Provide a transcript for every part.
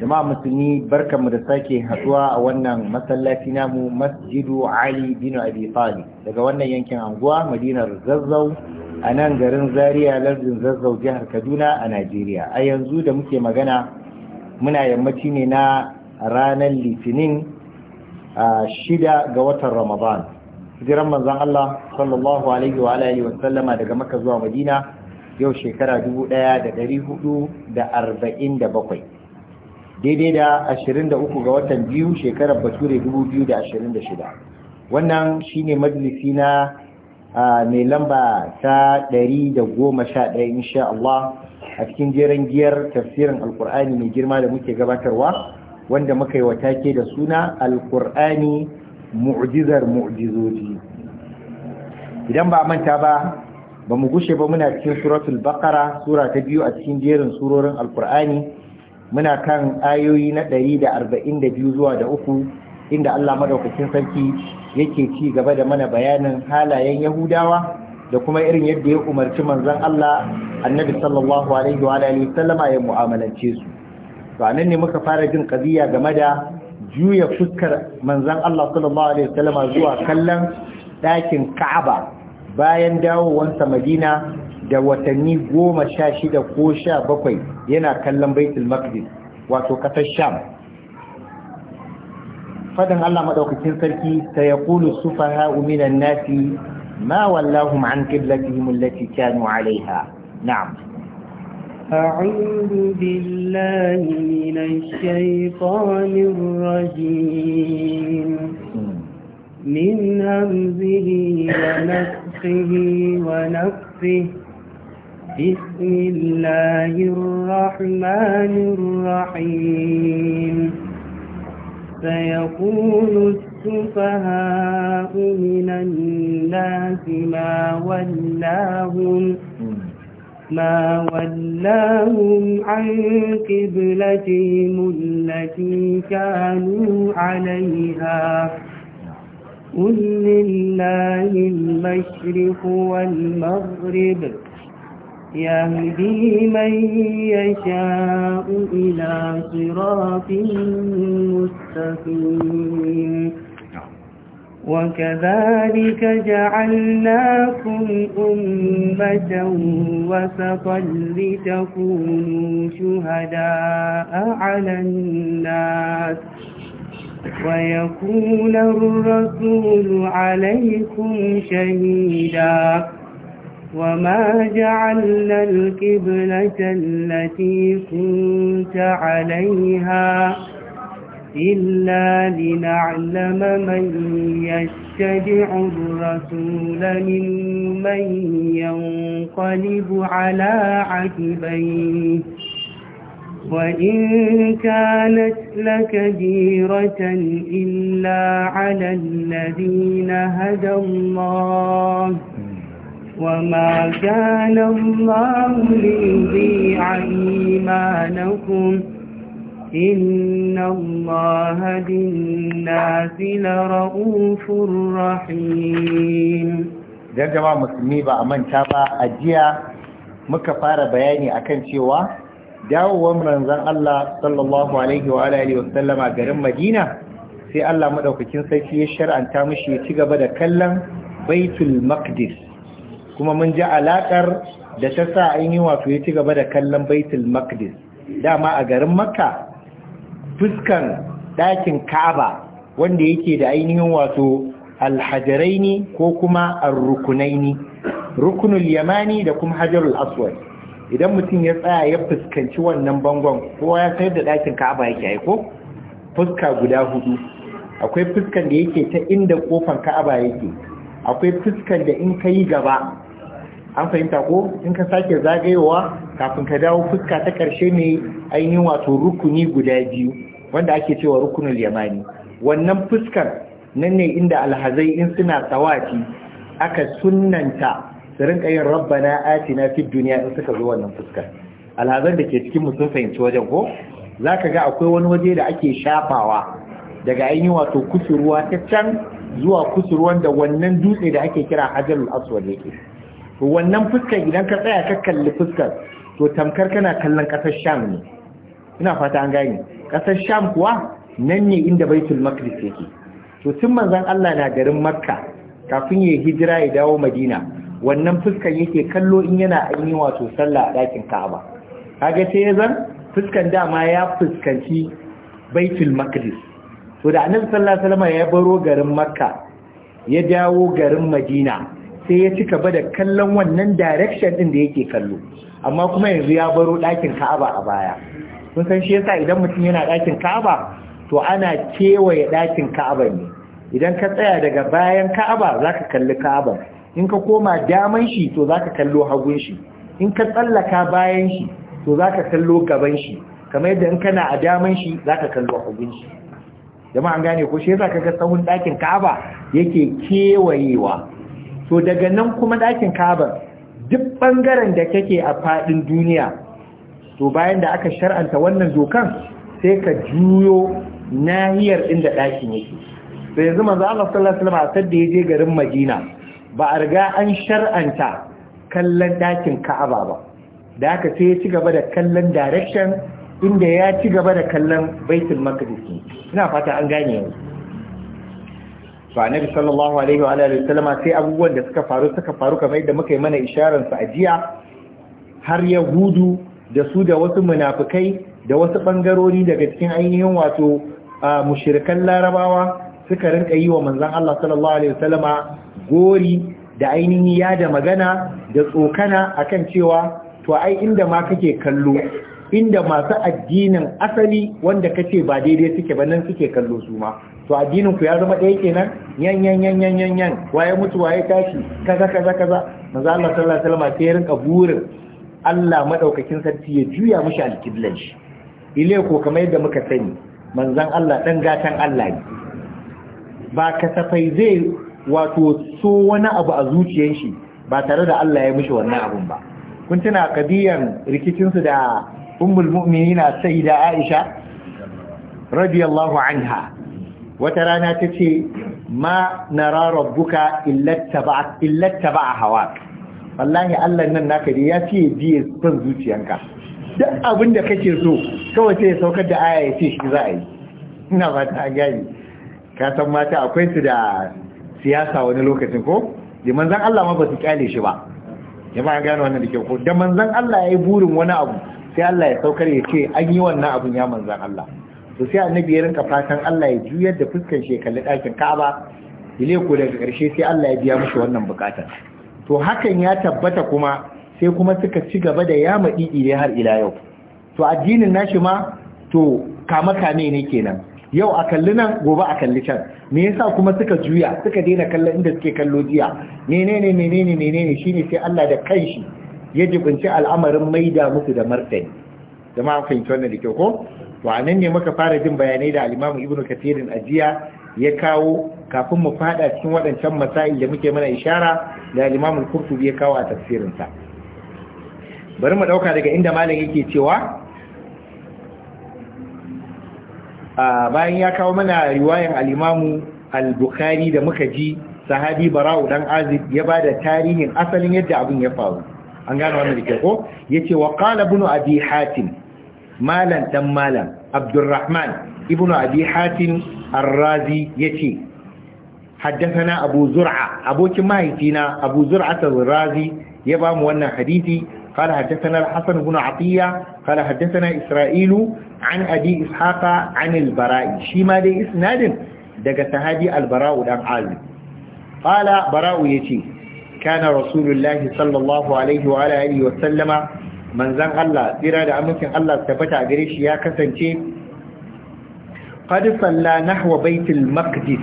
jama'a musulmi barkanmu da sake haduwa a wannan masallaci namu masjidu ali bin abi talib daga wannan yankin anguwa madinar zazzau a nan garin zaria lardin zazzau jihar kaduna a najeriya a yanzu da muke magana muna yammaci ne na ranar litinin shida ga watan ramadan jiran manzon allah sallallahu alaihi wa alihi wa sallama daga maka zuwa madina yau shekara dubu ɗaya da ɗari hudu da arba'in da bakwai daidai da 23 ga watan biyu shekarar bature 2026 wannan shine majalisi na mai lamba ta da 111 insha Allah a cikin jeren giyar tafsirin alkur'ani mai girma da muke gabatarwa wanda muka yi wata ke da suna alkur'ani mu'jizar mu'jizoji idan ba manta ba ba mu gushe ba muna cikin suratul baqara sura ta biyu a cikin jerin surorin alkur'ani muna kan ayoyi na ɗari 142 zuwa da uku inda Allah madaukakin sarki yake ci gaba da mana bayanin halayen Yahudawa da kuma irin yadda ya umarci manzon Allah Annabi sallallahu alaihi wa alihi sallama ya mu'amalance su to anan ne muka fara jin qadiya game da juya fuskar manzon Allah sallallahu alaihi sallama zuwa kallon dakin Ka'aba bayan dawowansa Madina da watanni goma sha shida ko sha bakwai yana kallon baitul maqdis wato kasar sham fadin Allah maɗaukacin sarki ta yaqulu sufaha minan nasi ma wallahum an qiblatihim allati kanu alaiha na'am أعوذ بالله من الشيطان الرجيم من همزه ونفخه ونفخه بسم الله الرحمن الرحيم سيقول السفهاء من الناس ما ولاهم ما ولاهم عن قبلتهم التي كانوا عليها قل لله المشرق والمغرب يهدي من يشاء إلى صراط مستقيم وكذلك جعلناكم أمة وسطا لتكونوا شهداء على الناس ويكون الرسول عليكم شهيداً وما جعلنا الكبلة التي كنت عليها إلا لنعلم من يتبع الرسول ممن ينقلب على عكبيه وإن كانت لكبيرة إلا على الذين هدى الله وما كان الله ليضيع إيمانكم إن الله بالناس لرؤوف رحيم dan jama'a musulmi ba a manta ba a jiya muka fara bayani akan cewa dawowar manzon Allah sallallahu alaihi wa alihi garin Madina sai Allah madaukakin sarki ya shar'anta mishi ya ci gaba da kallon Baitul Maqdis kuma mun ji alaƙar da ta sa an yi wato ya ci gaba da kallon baitul maqdis dama a garin makka fuskan ɗakin kaaba wanda yake da ainihin wato alhajaraini ko kuma arrukunaini rukunul yamani da kuma hajarul aswad idan mutum ya tsaya ya fuskanci wannan bangon kowa ya sayar da ɗakin ka'aba yake aiko fuska guda hudu akwai fuskan da yake ta inda kofan ka'aba yake akwai fuskan da in ka yi gaba an fahimta ko in ka sake zagayowa kafin ka dawo fuska ta karshe ne ainihin wato rukuni guda biyu wanda ake cewa rukunin yamani wannan fuskar nan ne inda alhazai in suna tsawaci aka sunanta su rinka yin rabbana na fi duniya in suka zo wannan fuskar alhazan da ke cikin mutum fahimci wajen ko za ka ga akwai wani waje da ake shafawa daga ainihin wato kusurwa ta can zuwa kusurwan da wannan dutse da ake kira hajarul aswad yake to wannan fuskar idan ka tsaya ka kalli fuskar to tamkar kana kallon kasar sham ne ina fata an gane ƙasar sham kuwa nan ne inda baitul maqdis yake to tun manzon Allah na garin makka kafin ya hijira ya dawo madina wannan fuskan yake kallo in yana ainihin wato sallah a ɗakin ka'aba kaga sai ya zan fuskan dama ya fuskanci baitul maqdis to da annabi sallallahu alaihi wasallam ya baro garin makka ya dawo garin madina sai ya ci gaba da kallon wannan direction din da yake kallo amma kuma yanzu ya baro ɗakin ka'aba a baya Sun san shi yasa idan mutum yana ɗakin ka'aba to ana kewaye ɗakin ka'aba ne idan ka tsaya daga bayan ka'aba zaka kalli ka'aba in ka koma daman shi to zaka kallo hagun shi in ka tsallaka bayan shi to zaka kallo gaban shi kamar yadda in kana a daman shi zaka kallo hagun shi jama'a an gane ko shi yasa kaga tsawon ɗakin ka'aba yake kewayewa to daga nan kuma ɗakin kaba duk ɓangaren da kake a faɗin duniya to bayan da aka shar'anta wannan dokan sai ka juyo nahiyar inda ɗakin yake sai yanzu manzo Allah sallallahu alaihi wasallam a ya yaje garin Madina ba a riga an shar'anta kallon ɗakin Ka'aba ba da haka sai ya ci gaba da kallon direction inda ya ci gaba da kallon Baitul Maqdis ina fata an gane yanzu to annabi sallallahu alaihi wa alihi sai abubuwan da suka faru suka faru kamar yadda muka yi mana isharar su a jiya har yahudu da su da wasu munafikai da wasu bangarori daga cikin ainihin wato mushrikan larabawa suka rinka yi wa manzon Allah sallallahu alaihi gori da ainihin ya da magana da tsokana akan cewa to ai inda ma kake kallo inda masu addinin asali wanda kace ba daidai suke ba nan suke kallo su ma to addinin ku ya zama ɗaya kenan yan yan yan yan yan yan waye mutu waye tashi kaza kaza kaza manzo Allah sallallahu alaihi wasallam sai ya rinka burin Allah madaukakin sarki ya juya mushi alkiblan shi ile ko kamar yadda muka sani manzon Allah dan gatan Allah ne ba kasafai zai wato so wani abu a zuciyar shi ba tare da Allah ya mishi wannan abun ba kun tuna kadiyan rikicinsu da ummul mu'minina sayyida aisha radiyallahu anha wata rana tace ma nara rabbuka illa taba'a hawa wallahi Allah nan naka da ya ci biye son zuciyanka duk abin da kake so kawai sai saukar da aya ya ce shi za a yi ina ba ta gani ka san mata akwai su da siyasa wani lokacin ko da manzan Allah ma ba su kyale shi ba ya ba gano wannan da ke ko da manzan Allah ya yi burin wani abu sai Allah ya saukar ya ce an yi wannan abun ya manzan Allah to sai annabi ya rinka fatan Allah ya juyar da fuskar shi kalli ɗakin Ka'aba ile ko daga ƙarshe sai Allah ya biya mishi wannan bukatar to hakan ya tabbata kuma sai kuma suka ci gaba da yama ɗiɗi har ila yau to addinin nashi ma to kama kame ne kenan yau a kalli nan gobe a kalli can me yasa kuma suka juya suka daina kallon inda suke kallo jiya menene menene menene shine sai Allah da kanshi ya jibinci al'amarin maida musu da martani jama'a an fahimci wannan da kyau ko to a ne muka fara jin bayanai da alimamu ibnu a ajiya ya kawo kafin mu fada cikin waɗancan masail da muke mana ishara da alimamu kurtubi ya kawo a tafsirinsa bari mu ɗauka daga inda malam yake cewa bayan ya kawo mana riwayan alimamu al-bukhari da muka ji sahabi bara'u dan azib ya bada tarihin asalin yadda abin ya faru an gane wannan da ke ko ya ce wa ƙala bunu abi hatim malan ɗan malan abdurrahman ibnu abi hatim arrazi ya ce haddasana abu zura abokin mahaifina abu zura ta razi ya ba mu wannan hadithi ƙala haddasana hasan bunu Afiya. ƙala haddasana isra'ilu an abi ishaka, an albara'i shi ma dai isnadin daga sahabi albara'u ɗan azu fala bara'u ya ce كان رسول الله صلى الله عليه وعلى اله وسلم من زن الله da amincin Allah tabbata gare shi ya kasance قد صلى نحو بيت المقدس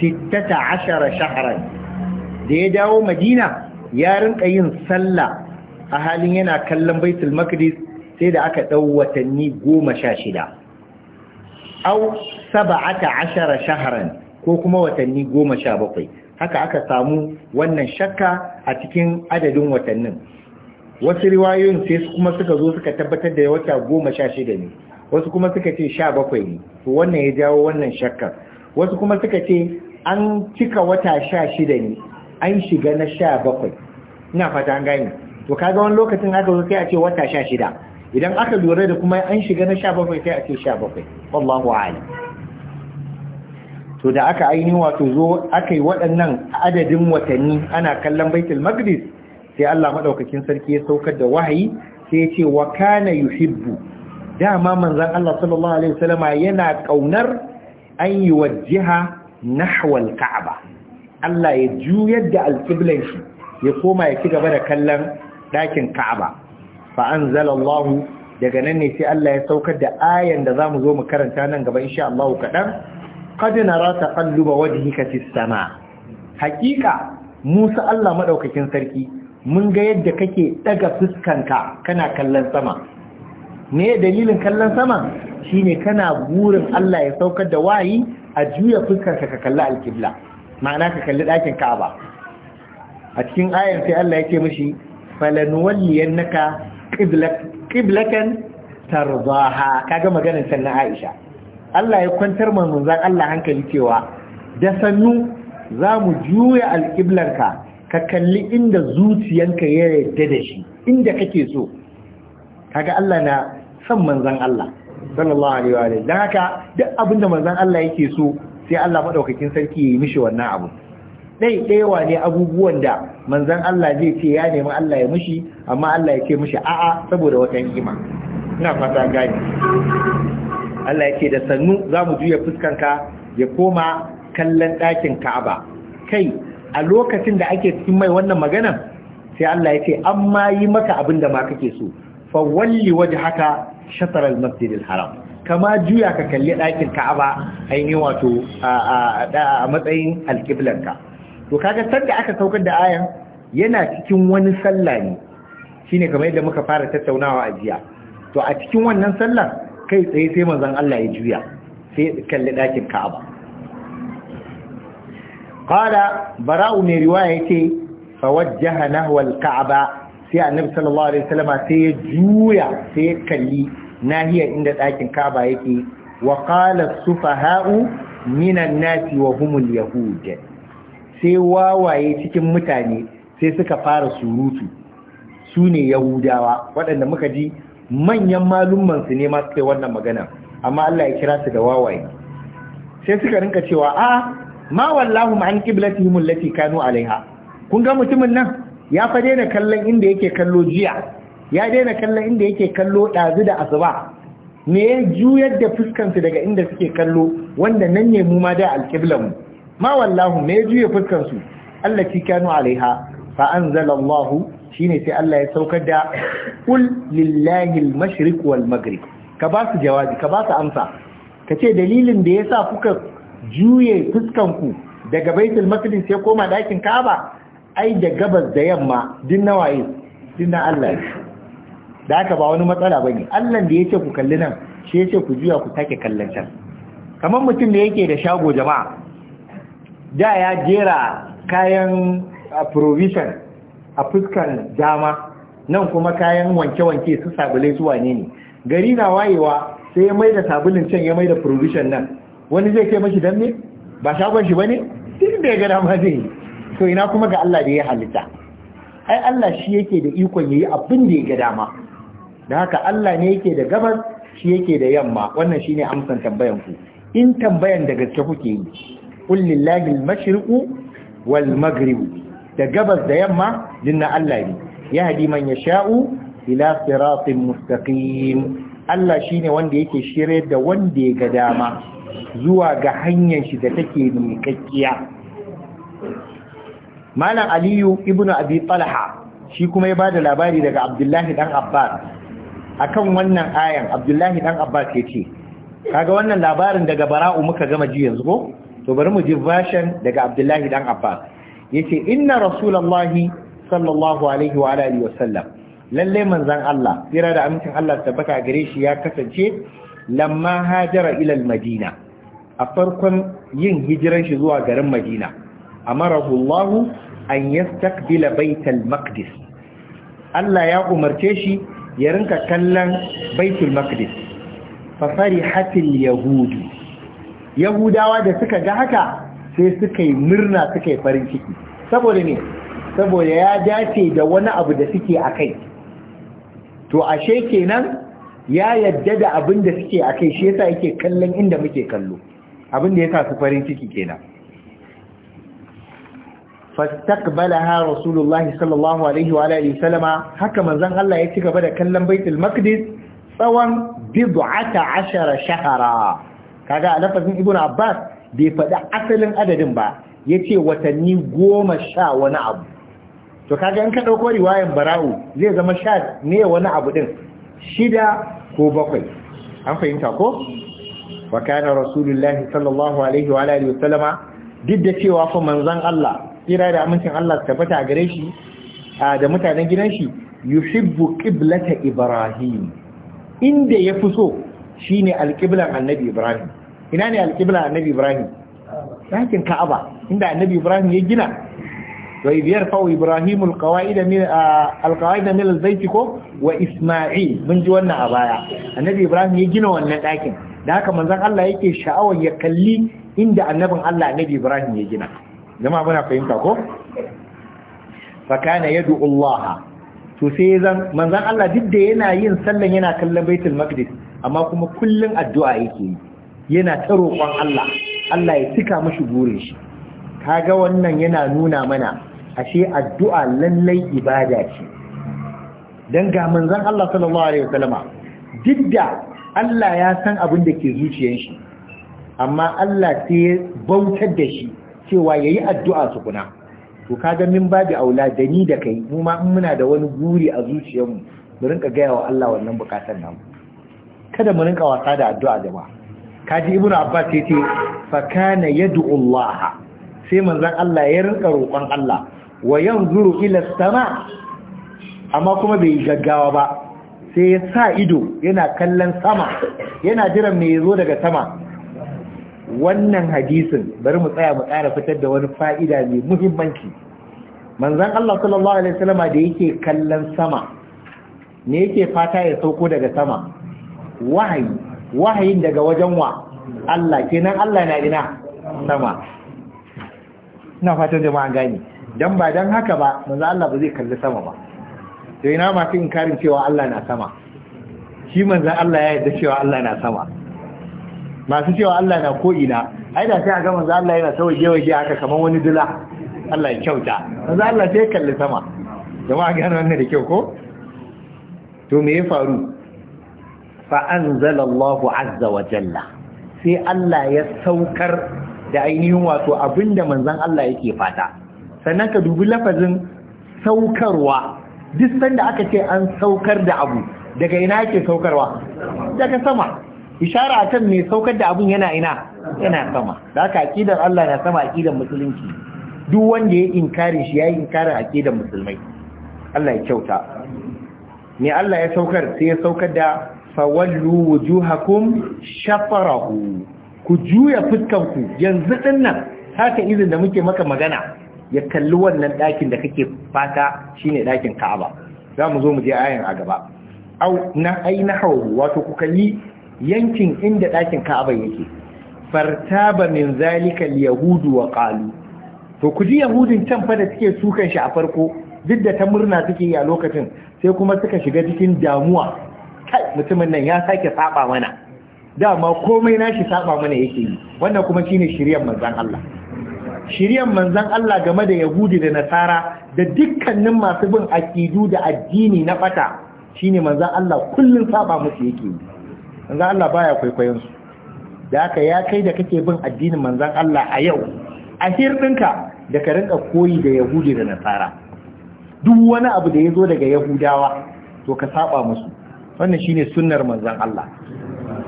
16 شهرا da ya dawo madina ya rinka yin Sallah, a halin yana kallon baitul maqdis sai da aka ɗau watanni 16 aw 17 shahran ko kuma watanni goma sha bakwai. haka aka samu wannan shakka a cikin adadin watannin wasu riwayoyin sai kuma suka zo suka tabbatar da wata goma sha shida ne wasu kuma suka ce sha bakwai ne to wannan ya jawo wannan shakka wasu kuma suka ce an cika wata sha shida ne an shiga na sha bakwai ina fata an gane to kaga wani lokacin aka zo sai a ce wata sha shida idan aka lura da kuma an shiga na sha bakwai sai a ce sha bakwai wallahu a'lam to da aka ainihin wato zo aka yi waɗannan adadin watanni ana kallon baitul maqdis sai Allah madaukakin sarki ya saukar da wahayi sai ya ce wa kana yuhibbu dama manzon Allah sallallahu alaihi wasallama yana kaunar an yi wajjiha nahwal Ka'aba" Allah ya juyar da alqiblan shi ya koma ya ci gaba da kallon ɗakin ka'aba fa anzalallahu daga nan ne sai Allah ya saukar da ayan da zamu zo mu karanta nan gaba insha Allah kadan qad ba wajen wajhika fis sama haqiqa Musa Allah madaukakin sarki mun ga yadda kake daga fuskanka kana kallon sama ne dalilin kallon sama shine kana burin Allah ya saukar da wayi a juya fuskarka ka kalli alkibla ma'ana ka kalli ɗakin Ka'aba a cikin ayar sai Allah yake mishi falanuwalliyannaka qiblatan tarzaha ga maganar sannan Aisha Allah ya kwantar ma Allah hankali cewa da sannu za mu juya alƙiblarka ka kalli inda zuciyanka ya yarda da shi inda kake so kaga Allah na son manzan Allah sallallahu alaihi wa sallam haka duk abinda manzan Allah yake so sai Allah madaukakin sarki ya yi mishi wannan abu dai daiwa ne abubuwan da manzan Allah zai ce ya nemi Allah ya mishi amma Allah ya ke mishi a'a saboda wata hikima ina fata gani Allah ya ce da sannu za mu juya fuskanka ya koma kallon ɗakin ka'aba kai a lokacin da ake cikin mai wannan maganan sai Allah ya ce an ma yi maka abin da ma kake so fa walli waje haka shatar al al haram kama juya ka kalli ɗakin ka'aba ainihin wato a matsayin alƙiblanka to kaga sanda aka saukar da ayan yana cikin wani sallah ne shine kamar yadda muka fara tattaunawa a jiya to a cikin wannan sallar kai tsaye sai manzan Allah ya juya sai kalli dakin Ka'aba qala bara'u ne riwaya ya fa wajjaha nahwa al-Ka'aba sai annabi sallallahu alaihi wasallam sai ya juya sai ya kalli nahiyar inda dakin Ka'aba yake wa qala sufaha'u minan nasi wa humul yahud sai wawaye cikin mutane sai suka fara surutu su ne yahudawa waɗanda muka ji manyan malumman su ne ma suka wannan magana amma Allah ya kira su da wawaye sai suka rinka cewa a ma wallahu ma an qiblatihim allati kanu alaiha kun ga mutumin nan ya fa daina kallon inda yake kallo jiya ya daina kallon inda yake kallo dazu da asuba ne ya juyar da fuskansu daga inda suke kallo wanda nan ne mu ma da alqiblamu ma wallahu me ya juya su allati kanu alaiha fa anzalallahu shine sai Allah ya saukar da kul lillahi al wal maghrib ka ba su jawabi ka ba su amsa ka ce dalilin da ya sa kuka juye fuskan ku daga baitul maqdis sai koma dakin kaba? ai da gabas da yamma din nawaye din na Allah da haka ba wani matsala ba ne. Allah da yace ku kalli nan shi yace ku juya ku take kallon can kamar mutum da yake da shago jama'a da ya jera kayan A provision a fuskar dama nan kuma kayan wanke-wanke su sabulai zuwa ne ne gari na wayewa sai ya mai da sabulin can ya mai da provision nan wani zai kai mashi dan ne ba shagon shi ba ne din da ya gada ma zai So ina kuma ga Allah da ya halitta ai Allah shi yake da ikon yayi abin da ya ga dama da haka Allah ne yake da gabas shi yake da yamma wannan shine amsan tambayan ku in tambayan da gaske kuke yi qul lillahi al-mashriqu wal maghribu da gabas da yamma dinna Allah ne ya hadi man yasha'u ila siratin mustaqim Allah shine wanda yake shirye da wanda ya ga dama zuwa ga hanyar shi da take miƙaƙiya malam aliyu ibn abi talha shi kuma ya bada labari daga abdullahi dan abbas akan wannan ayan abdullahi dan abbas yace kaga wannan labarin daga bara'u muka gama ji yanzu ko to bari mu ji version daga abdullahi dan abbas yace inna rasulullahi sallallahu alaihi wa alihi wa sallam lalle manzon Allah tsira da amincin Allah tabbata gare shi ya kasance lamma hajara ila al-madina a farkon yin hijiran shi zuwa garin Madina amarahu Allah an yastaqbila baital maqdis Allah ya umarce shi ya rinka kallon baitul maqdis fa farihatil yahudi yahudawa da suka ga haka sai suka yi murna suka yi farin ciki saboda ne saboda ya dace da wani abu da suke a kai to ashe kenan ya yadda da abin da suke a kai shi yasa yake kallon inda muke kallo abin da ya sa su farin ciki kenan fastaqbalaha rasulullahi sallallahu alaihi wa alihi sallama haka manzon Allah ya ci gaba da kallon baitul maqdis tsawon bid'ata ashara shahara kaga a lafazin ibnu abbas bai faɗi asalin adadin ba ya ce watanni goma sha wani abu to kaga in ka ɗauko riwayan bara'u zai zama sha ne wani abu ɗin shida ko bakwai an fahimta ko wa kana rasulullahi sallallahu alaihi wa alihi wasallama duk da cewa fa manzon Allah tsira da amincin Allah su tabbata a gare shi da mutanen gidan shi yuhibbu qiblata ibrahim inda ya fi so shine alqiblan annabi ibrahim ina ne alƙibla annabi ibrahim ɗakin ka'aba inda annabi ibrahim ya gina wa biyar fa ibrahim alqawaida min alqawaida min albayt ko wa isma'il mun ji wannan a baya annabi ibrahim ya gina wannan ɗakin da haka manzon Allah yake sha'awar ya kalli inda annabin Allah annabi ibrahim ya gina jama'a muna fahimta ko fa kana yad'u Allah to sai zan manzon Allah duk da yana yin sallan yana kallon baitul maqdis amma kuma kullun addu'a yake yi yana ta roƙon Allah Allah ya cika mashi burin shi ga wannan yana nuna mana ashe addu'a lallai ibada ce dan ga manzan Allah sallallahu alaihi wasallama duk da Allah ya san abin da ke zuciyar shi amma Allah sai ya bautar da shi cewa ya yi addu'a su kuna, to kaga min babu aula da ni da kai mu ma in muna da wani guri a zuciyarmu mu rinka gaya wa Allah wannan bukatar namu kada mu rinka wasa da addu'a jama'a kaji ibnu abbas yace fa kana yad'u Allah sai manzon Allah ya rinka roƙon Allah wa yanzuru ila sama amma kuma bai gaggawa ba sai ya sa ido yana kallon sama yana jiran me yazo daga sama wannan hadisin bari mu tsaya mu ƙara fitar da wani fa'ida mai muhimmanci manzon Allah sallallahu alaihi wasallam da yake kallon sama ne yake fata ya sauko daga sama wahayi wahayin daga wajen wa Allah kenan Allah na ina sama ina fatan jama'a gani dan ba dan haka ba manzo Allah ba zai kalli sama ba to ina masu inkarin cewa Allah na sama shi manzo Allah ya yarda cewa Allah na sama masu cewa Allah na ko ina ai da sai a ga manzo Allah yana sawa shi haka kamar wani dula Allah ya kyauta manzo Allah sai kalli sama jama'a gano wannan da kyau ko to me ya faru فأنزل الله عز وجل sai Allah ya saukar da ainihin wato abinda manzon Allah yake fata sannan ka dubi lafazin saukarwa duk sanda aka ce an saukar da abu daga ina yake saukarwa daga sama ishara akan mai saukar da abun yana ina yana sama da haka akidar Allah na sama akidar musulunci duk wanda ya inkari shi ya inkarin akidar musulmai Allah ya kyauta me Allah ya saukar sai ya saukar da fawallu wujuhakum shafarahu ku juya fuskanku yanzu dinnan haka izin da muke maka magana ya kalli wannan ɗakin da kake fata shine ɗakin Ka'aba za mu zo mu je ayan a gaba au na aina wato ku kalli yankin inda ɗakin Ka'aba yake fartaba min zalika alyahudu yahudu wa qalu to ku ji yahudin can fa da suke sukan shi a farko duk da ta murna suke yi a lokacin sai kuma suka shiga cikin damuwa kai mutumin nan ya sake saba mana dama komai nashi saba mana yake yi wannan kuma shine shiryan manzon Allah shiryan manzon Allah game da yahudi da nasara da dukkanin masu bin aƙidu da addini na fata shine manzon Allah kullun saba musu yake yi manzon Allah baya kwaikwayon su da haka ya kai da kake bin addinin manzon Allah a yau a hirdinka da ka rinka koyi da yahudi da nasara duk wani abu da ya zo daga yahudawa to ka saba musu wannan shi ne sunnar manzon Allah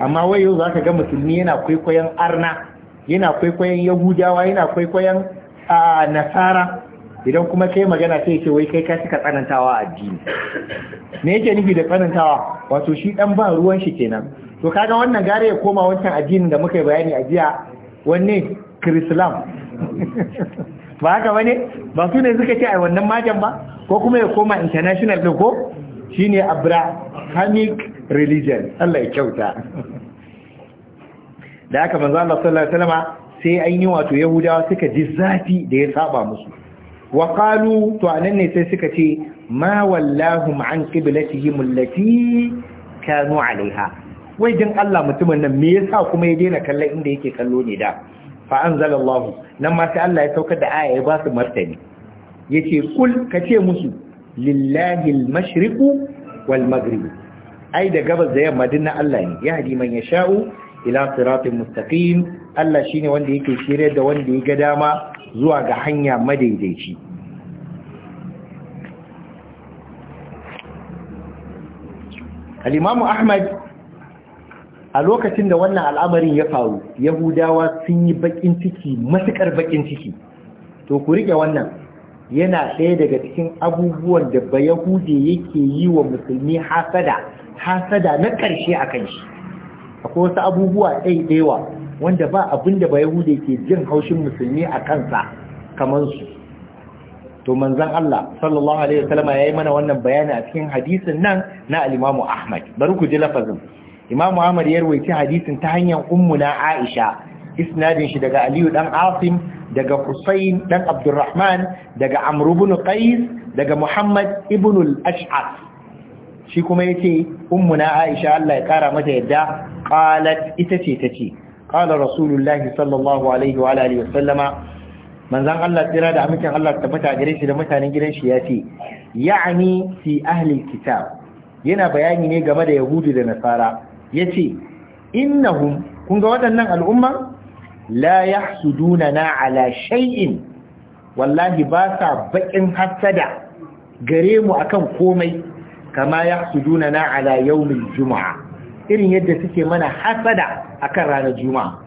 amma wai yau za ka ga musulmi yana kwaikwayon arna yana kwaikwayon yahudawa yana kwaikwayon nasara idan kuma kai magana sai ce wai kai ka cika tsanantawa a addini me yake nufi da tsanantawa wato shi dan ba ruwan shi kenan to kaga wannan gare ya koma wancan addinin da muka yi bayani a jiya wanne krislam ba haka wani ba su ne suka ce a wannan majan ba ko kuma ya koma international din ko shine abrahamic religion Allah ya kyauta da aka manzo Allah sallallahu alaihi wasallam sai an yi wato yahudawa suka ji zafi da ya saba musu wa qalu to anan ne sai suka ce ma wallahum an qiblatihim allati kanu alaiha wai din Allah mutumin nan me yasa kuma ya daina kallon inda yake kallo ne da fa anzalallahu nan ma sai Allah ya saukar da aya ya ba su martani yace kul kace musu lillahi al-mashriqu wal maghrib ai da gabas da yamma dinna Allah ne ya hadi man yasha'u ila siratin mustaqim Allah shine wanda yake shirye da wanda ya ga dama zuwa ga hanya madaidaici al ahmad a lokacin da wannan al'amarin ya faru yahudawa sun yi bakin ciki matukar bakin ciki to ku rike wannan yana ɗaya daga cikin abubuwan da ba Yahudi yake yi wa musulmi hasada hasada na ƙarshe a kan shi akwai wasu abubuwa ɗaiɗaiwa wanda ba abin da ba Yahudi ke jin haushin musulmi a kansa kamar su to manzon Allah sallallahu alaihi ya yi mana wannan bayani a cikin hadisin nan na Alimamu Ahmad bari ku ji lafazin Imam Ahmad ya rawaiti hadisin ta hanyar ummu na Aisha isnadin shi daga Aliyu dan Asim daga Hussain dan Abdulrahman, daga Amr ibn Qais daga Muhammad ibn al shi kuma yace ummuna Aisha Allah ya kara mata yadda qalat ita ce tace qala rasulullahi sallallahu alaihi wa alihi wa manzon Allah tsira da amincin Allah tabbata gare shi da mutanen gidan shi yace ya'ni fi ahli kitab yana bayani ne game da yahudu da nasara yace innahum kun ga waɗannan al'umma la yahsudunana ala shay'in wallahi ba sa baƙin hassada. gare mu akan komai kama yahsudunana ala yawmil juma'a irin yadda suke mana hassada akan ranar juma'a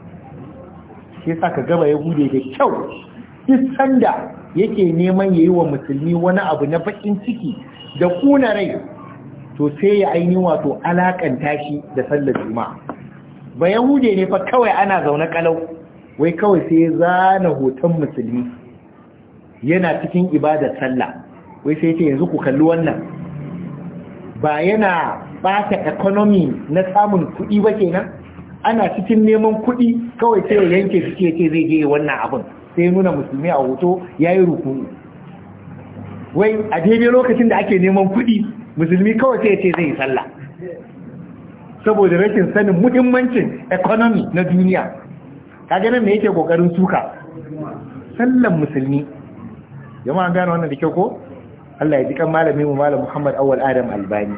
sa ka gaba ya bude da kyau duk da yake neman yayi wa musulmi wani abu na bakin ciki da kuna rai to sai ya aini wato alakanta shi da sallar juma'a ba yahude ne fa kawai ana zaune kalau wai kawai sai ya zana hoton musulmi yana cikin ibadar sallah wai sai ce yanzu ku kalli wannan ba yana ɓata economy na samun kuɗi ba kenan ana cikin neman kuɗi kawai sai yanke shi ce zai je wannan abin sai nuna musulmi a hoto yayi yi ruku wai a daidai lokacin da ake neman kuɗi musulmi kawai sai ce zai yi sallah saboda rashin sanin muhimmancin economy na duniya kaga nan ne yake kokarin suka sallan musulmi jama'a gano wannan da kyau ko Allah ya ji kan malami mu malam Muhammad Awal Adam Albani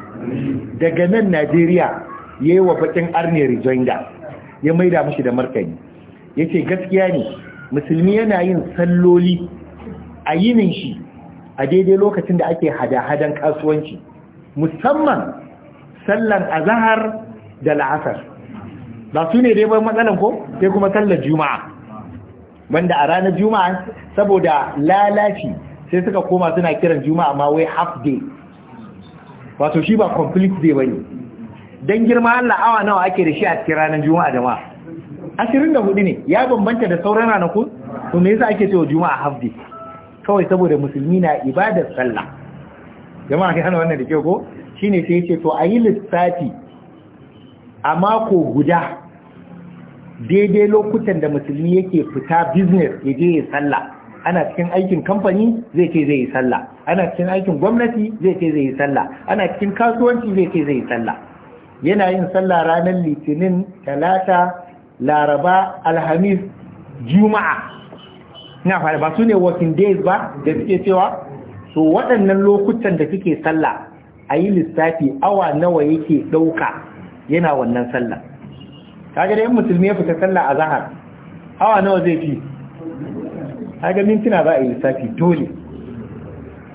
daga nan Najeriya yayi wa bakin arne rejoinder ya maida mishi da markani yace gaskiya ne musulmi yana yin salloli a yinin shi a daidai lokacin da ake hada-hadan kasuwanci musamman sallan azahar da la'asar ba su ne dai bai matsalan ko sai kuma sallar juma'a wanda a ranar juma'a saboda lalaci sai suka koma suna kiran juma'a ma wai half day wato shi ba complete day bane dan girma Allah awa nawa ake da shi a cikin ranar juma'a da ma 24 ne ya bambanta da sauran ranaku to me yasa ake cewa juma'a half day kawai saboda musulmi na ibadar sallah jama'a kai hana wannan da ke ko shine sai yace to ayi lissafi a mako guda daidai lokutan da musulmi yake fita business ya je ya sallah ana cikin aikin kamfani zai ce zai yi sallah ana cikin aikin gwamnati zai ce zai yi sallah ana cikin kasuwanci zai ce zai yi sallah yana yin sallah ranar litinin talata laraba alhamis juma'a na fara ba su ne working days ba da suke cewa so waɗannan lokutan da suke sallah a yi lissafi awa nawa yake ɗauka yana wannan sallah kaga da yan musulmi ya fita sallah a zahar Hawa nawa zai fi kaga mintuna za a yi lissafi dole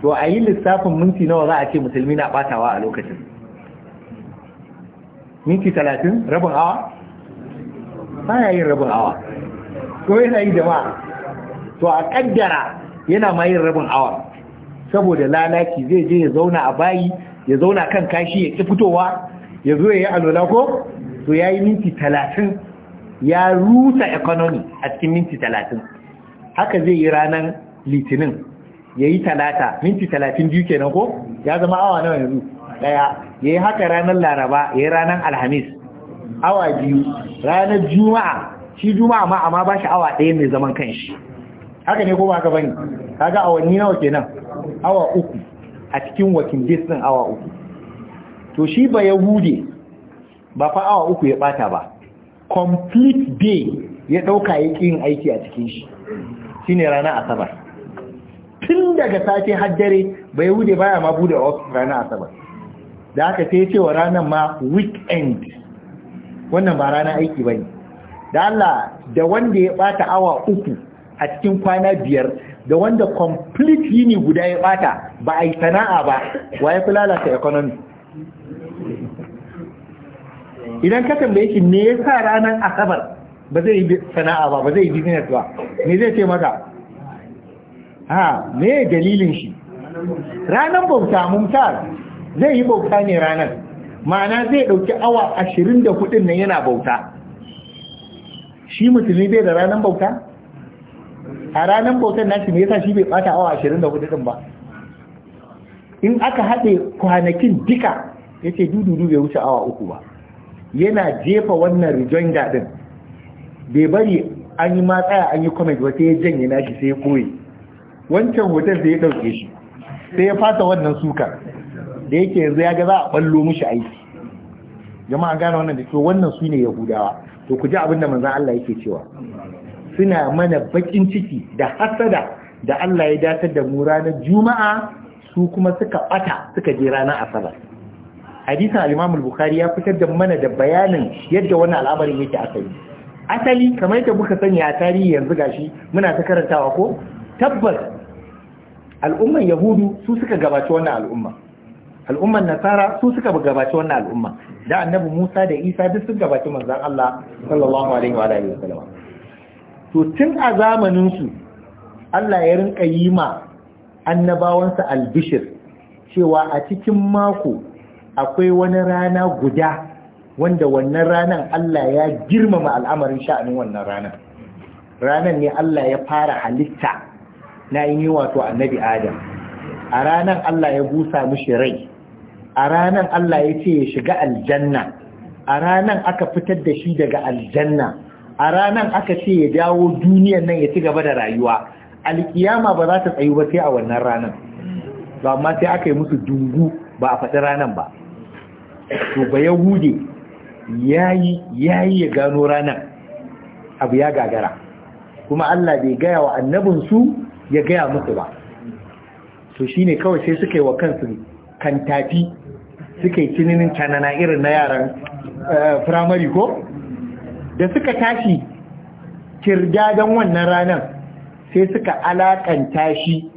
to a yi lissafin minti nawa za a ce musulmi na batawa a lokacin minti talatin rabin awa ya yin rabin awa ko yana yi jama'a to a kaddara yana ma yin rabin awa saboda lalaki zai je ya zauna a bayi ya zauna kan kashi ya ki fitowa ya zo ya yi alola ko to ya yi minti talatin ya rusa economy a cikin minti talatin haka zai yi ranar litinin ya yi talata minti talatin biyu kenan ko ya zama awa nawa yanzu daya ya yi haka ranar laraba ya yi ranar alhamis awa biyu ranar juma'a shi juma'a ma amma ba shi awa ɗaya mai zaman kan shi haka ne ko ba haka bane kaga awanni nawa kenan awa uku a cikin wakin days awa uku to shi ba ya hude ba fa awa uku ya bata ba complete day ya dauka ya yin aiki a cikin shi shine ranar asabar tun daga safe har dare ba hude baya ma bude office ranar asabar da aka sai cewa ranar ma weekend wannan ba ranar aiki ba ne. da Allah da wanda ya bata awa uku a cikin kwana biyar da wanda complete yini guda ya bata ba a yi sana'a ba wa ya fi lalata economy idan ka tambaye shi me yasa ranar asabar ba zai yi sana'a ba ba zai yi business ba me zai ce maka ha me dalilin shi ranar bauta mumtar zai yi bauta ne ranar ma'ana zai dauki awa 24 nan yana bauta shi musulmi bai da ranar bauta a ranar bautar nashi me yasa shi bai bata awa 24 din ba in aka haɗe kwanakin duka yace dududu bai wuce awa uku ba yana jefa wannan rijon din bai bari an yi matsaya an yi comment ba ya janye nashi sai ya koyi wancan hoton sai ya ɗauke shi sai ya fasa wannan suka da yake yanzu ya ga za a ɓallo mishi aiki jama'a gane wannan da ke wannan su ne yahudawa to ku ji abin da manzan Allah yake cewa suna mana bakin ciki da hasada da Allah ya datar da mu ranar juma'a su kuma suka ɓata suka je ranar asabar hadisin Alimamul imam bukhari ya fitar da mana da bayanin yadda wannan al'amarin yake asali asali kamar yadda muka sani a tarihi yanzu gashi muna ta karantawa ko tabbas al'umman yahudu su suka gabaci wannan al'umma al'umman nasara su suka gabaci wannan al'umma da annabi Musa da Isa duk sun gabaci manzon Allah sallallahu alaihi wa alihi wasallam to tun a zamanin su Allah ya rinka yi ma annabawansa albishir cewa a cikin mako akwai wani rana guda wanda wannan ranan Allah ya girmama al'amarin sha'anin wannan ranan ranan ne Allah ya fara halitta na yi wato annabi Adam a ranan Allah ya busa mishi rai a ranan Allah ya ce ya shiga aljanna a ranan aka fitar da shi daga aljanna a ranan aka ce ya dawo duniyan nan ya ci gaba da rayuwa alkiyama ba za ta tsayu ba sai a wannan ranan ba amma sai aka yi musu dungu ba a faɗi ranan ba to ba ya hude, ya yi ya gano ranar abu ya gagara kuma Allah bai gaya wa annabinsu ya gaya musu ba to ne kawai sai suka yi wa kansu kantafi suka yi cininin canana irin na yaran eh, firamari ko da suka tashi kirga don wannan ranar sai suka alakanta shi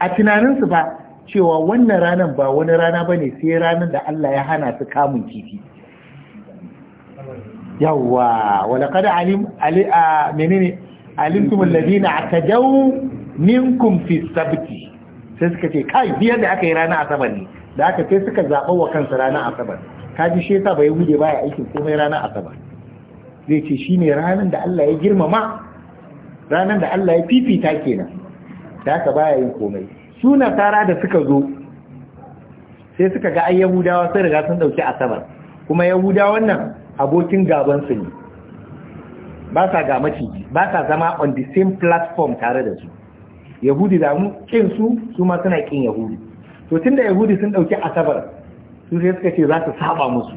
a tunaninsu ba cewa wannan ranar ba wani rana ba ne sai ranar da Allah ya hana su kamun kifi yawwa kada alim a menene alimtumul ladina atajau minkum fi sabti sai suka ce kai biyar da aka yi ranar asabar ne da aka sai suka zaɓa wa kansa ranar asabar ji shi ba ya gude baya aikin komai ranar asabar zai ce shi ne ranar da Allah ya girmama ranar da Allah ya fifita kenan da aka baya yin komai su nasara da suka zo sai suka ga ai yahudawa sun riga sun dauki asabar kuma yahudawa wannan abokin gaban su ne ba sa ga maciji ba sa zama on the same platform tare da su yahudi da mu kin su su ma suna kin yahudi to tunda yahudi sun dauki asabar su sai suka ce za su saba musu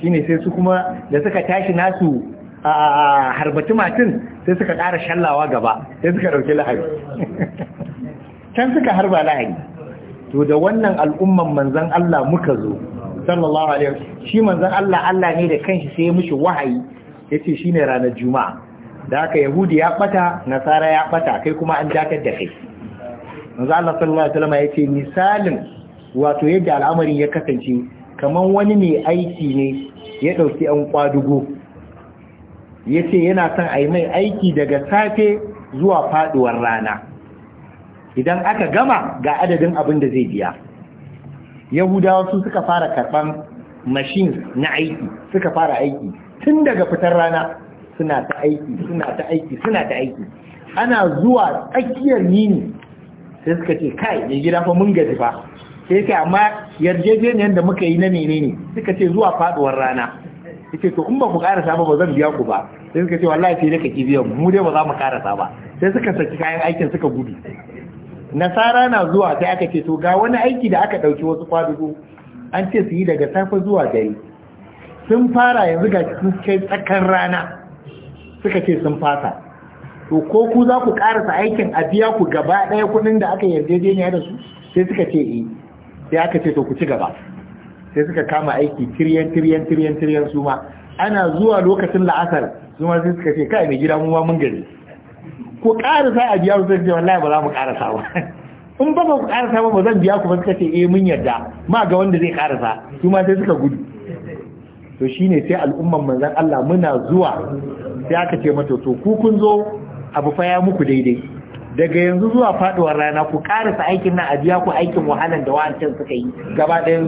shine sai su kuma da suka tashi nasu a harbati matin sai suka ƙara shallawa gaba sai suka dauki lahari can suka harba lahari to da wannan al'umman manzan Allah muka zo sallallahu alaihi wasallam shi manzan Allah Allah ne da kanshi sai ya mishi wahayi yace shine ranar juma'a da haka yahudi ya bata nasara ya bata kai kuma an dakatar da kai manzan Allah sallallahu alaihi wasallam yace misalin wato yadda al'amarin ya kasance kaman wani mai aiki ne ya dauki an kwadugo yace yana son a yi mai aiki daga safe zuwa faduwar rana idan aka gama ga adadin abin da zai biya yahudawa su suka fara karɓan mashin na aiki suka fara aiki tun daga fitar rana suna ta aiki suna ta aiki suna ta aiki ana zuwa tsakiyar Nini. sai suka ce kai ya gida fa mun gaji fa sai ka amma yarjejeniyar da muka yi na menene suka ce zuwa faduwar rana yace to in ba ku karasa ba ba zan biya ku ba sai suka ce wallahi sai dai ka ƙi biyan mu dai ba za mu karasa ba sai suka saki kayan aikin suka gudu nasara na zuwa sai aka ce to ga wani aiki da aka ɗauki wasu kwadugo an ce su yi daga safe zuwa dare sun fara yanzu ga sun kai tsakar rana suka ce sun fasa to ko ku za ku karasa aikin a biya ku gaba ɗaya kuɗin da aka yarjejeniya da su sai suka ce eh sai aka ce to ku ci gaba sai suka kama aiki tiryan tiryan tiryan tiryan su ma ana zuwa lokacin la'asar su ma sai suka ce kai ne gida mu ma mun gari ku ƙarasa a biya su zai wallahi ba za mu karasa ba in ba ku karasa ba ba zan biya ku ba suka ce eh mun yarda ma ga wanda zai karasa. su ma sai suka gudu to shine sai al'umman manzon Allah muna zuwa sai aka ce mata to ku kun zo abu fa ya muku daidai daga yanzu zuwa faduwar rana ku karasa aikin nan a biya ku aikin wahalan da wa'ancan suka yi gaba ɗayan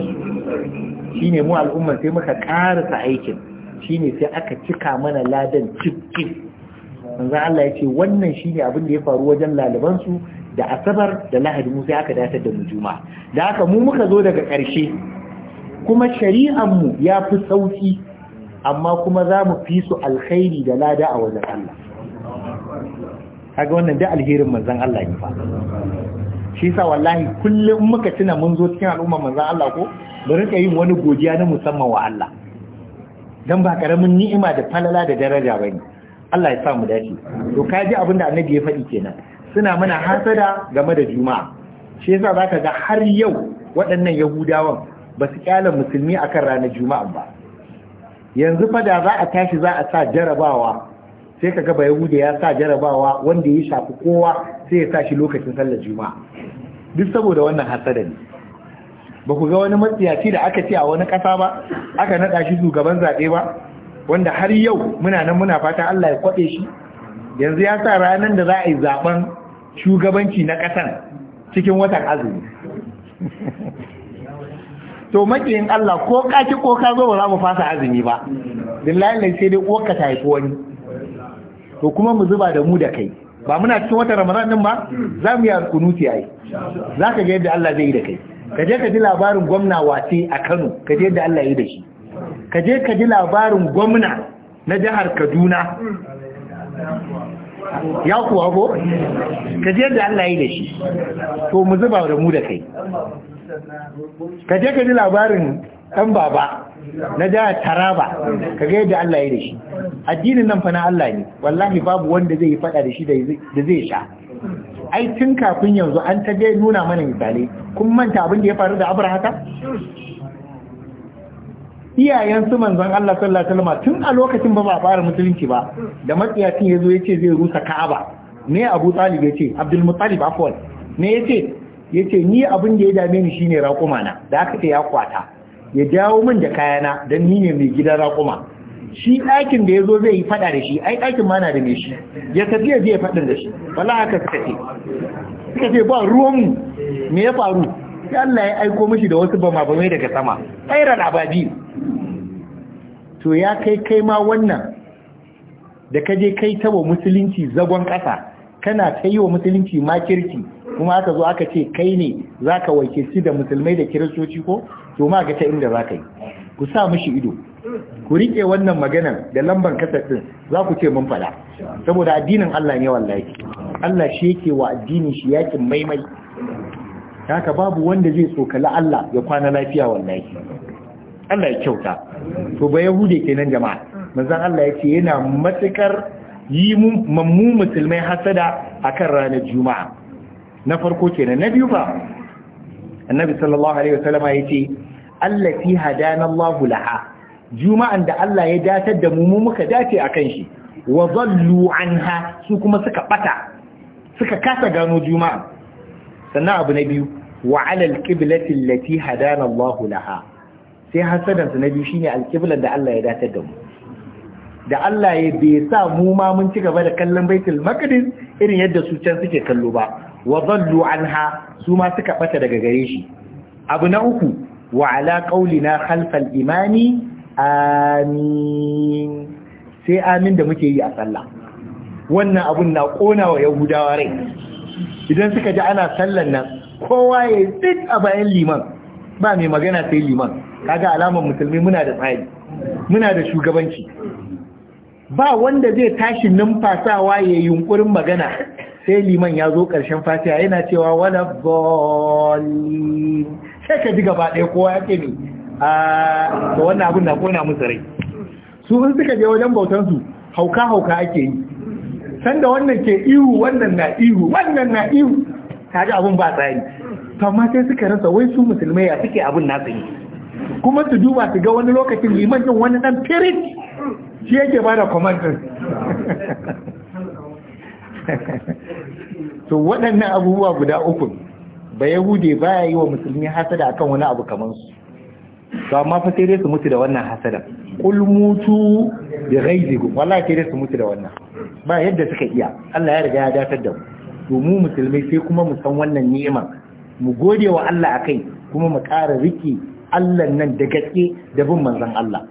shine mu al'umman sai muka karasa aikin shine sai aka cika mana ladan cikin manzan Allah ya ce wannan shine abin da ya faru wajen laliban da asabar da lahadi mu sai aka datar da mujuma. da haka mu muka zo daga ƙarshe kuma shari'anmu ya fi sauki amma kuma za mu fi su alkhairi da lada a wajen Allah kaga wannan da alherin manzan Allah ya fa shi sa wallahi kullum muka tuna mun zo cikin al'ummar manzan Allah ko mu rika yin wani godiya na musamman wa Allah dan ba karamin ni'ima da falala da daraja bane Allah ya sa mu dace to ka ji abinda da annabi ya faɗi kenan suna mana hasada game da juma'a shi yasa zaka ga har yau waɗannan yahudawan ba su kyala musulmi akan ranar juma'a ba yanzu fa da za a tashi za a sa jarabawa sai ka ba yahuda ya sa jarabawa wanda ya shafi kowa sai ya sa shi lokacin sallar juma'a duk saboda wannan hasada ne ba ku ga wani matsiyaci da aka ce a wani ƙasa ba aka naɗa shi shugaban zaɓe ba wanda har yau muna nan muna fata Allah ya kwaɗe shi yanzu ya sa ranar da za a yi zaben shugabanci na ƙasar cikin watan azumi to makiyin Allah ko kaki ko ka zo ba za mu fasa azumi ba billahi ne sai dai uwarka ta haifi wani to kuma mu zuba da mu da kai ba muna cikin watan ramadan din ba za mu yi alkunuti ai za ka ga yadda Allah zai yi da kai ka je ka ji labarin gwamna wace a Kano ka je yadda Allah ya yi da shi ka je ka ji labarin gwamna na jihar kaduna ya kuwa ko ka je da Allah yi da shi to mu zuba da mu da kai ka je ka ji labarin ɗan baba na jihar taraba ka ga yadda Allah yi da shi addinin nan fa na Allah ne wallahi babu wanda zai yi faɗa da shi da zai sha ai tun kafin yanzu an ta nuna mana misali kun manta abin da ya faru da abrahata iyayen su manzon Allah sallallahu alaihi wasallam tun a lokacin ba ba fara musulunci ba da matsiyacin ya zo ya zai rusa Ka'aba ne Abu Talib ya ce Abdul Muttalib afwan ne ya ce ni abin da ya dame ni shine raƙuma na da aka ce ya kwata ya dawo min da kayana dan ni ne mai gidan raƙuma shi ɗakin da ya zo zai yi faɗa da shi ai ɗakin ma na da mai shi ya tafi ya je faɗin da shi wala haka suka ce suka ce ba ruwan me ya faru sai Allah ya aiko mishi da wasu ba daga sama tsairar ababi to ya kai kai ma wannan da ka je kai ta musulunci zagon ƙasa kana ta yi wa musulunci ma kirki, kuma aka zo aka ce kai ne za ka shi da musulmai da kiristoci ko to ma ga ta inda za ka yi ku sa mishi ido ku riƙe wannan maganar da lambar kasar ɗin za ku ce mun faɗa saboda addinin Allah ne wallahi Allah shi yake wa addinin shi yakin maimai haka babu wanda zai tsokali Allah ya kwana lafiya wallahi Allah ya kyauta to ba yahude kenan jama'a manzon Allah ya ce yana matukar yi mu musulmai hasada akan ranar juma'a na farko kenan na biyu fa annabi sallallahu alaihi wasallam ya ce allati hadana Allahu laha juma'an da Allah ya datar da mu mu muka dace akan shi wa zallu anha su kuma suka bata suka kasa gano juma'a sannan abu na biyu wa ala alqiblati allati hadana Allahu laha sai hasadan su na biyu shine alqiblar da Allah ya datar da mu da Allah ya bai sa mu ma mun ci gaba da kallon Baitul Maqdis irin yadda su can suke kallo ba wa dhallu anha su ma suka bata daga gare shi abu na uku wa ala qaulina khalfal imani amin sai amin da muke yi a sallah wannan abun na kona wa yahudawa rai idan suka ji ana sallan nan kowa ya duk a bayan liman ba mai magana sai liman kaga alamar musulmi muna da tsari muna da shugabanci ba wanda zai tashi numfasawa ya yi yunkurin magana sai liman ya zo ƙarshen fatiha yana cewa wala bolin sai ka ji gaba ɗaya kowa ya ke ne a da wannan abin na ƙona musu rai su sun suka je wajen bautansu hauka-hauka ake yi sanda wannan ke ihu wannan na ihu wannan na ihu kaji abun ba tsari to amma sai suka rasa wai su musulmai ya suke abun na ne kuma su duba su ga wani lokacin liman din wani dan firit shi yake bada komantin to waɗannan abubuwa guda uku ba yahude ya yi wa musulmi hasada akan wani abu kamar su to amma fa sai dai su mutu da wannan hasada kul mutu bi ghaizikum wallahi sai dai su mutu da wannan ba yadda suka iya Allah ya riga ya datar da mu to mu musulmai sai kuma mu san wannan ni'imar mu gode wa Allah akai kuma mu ƙara riki Allah nan da gaske da bin manzon Allah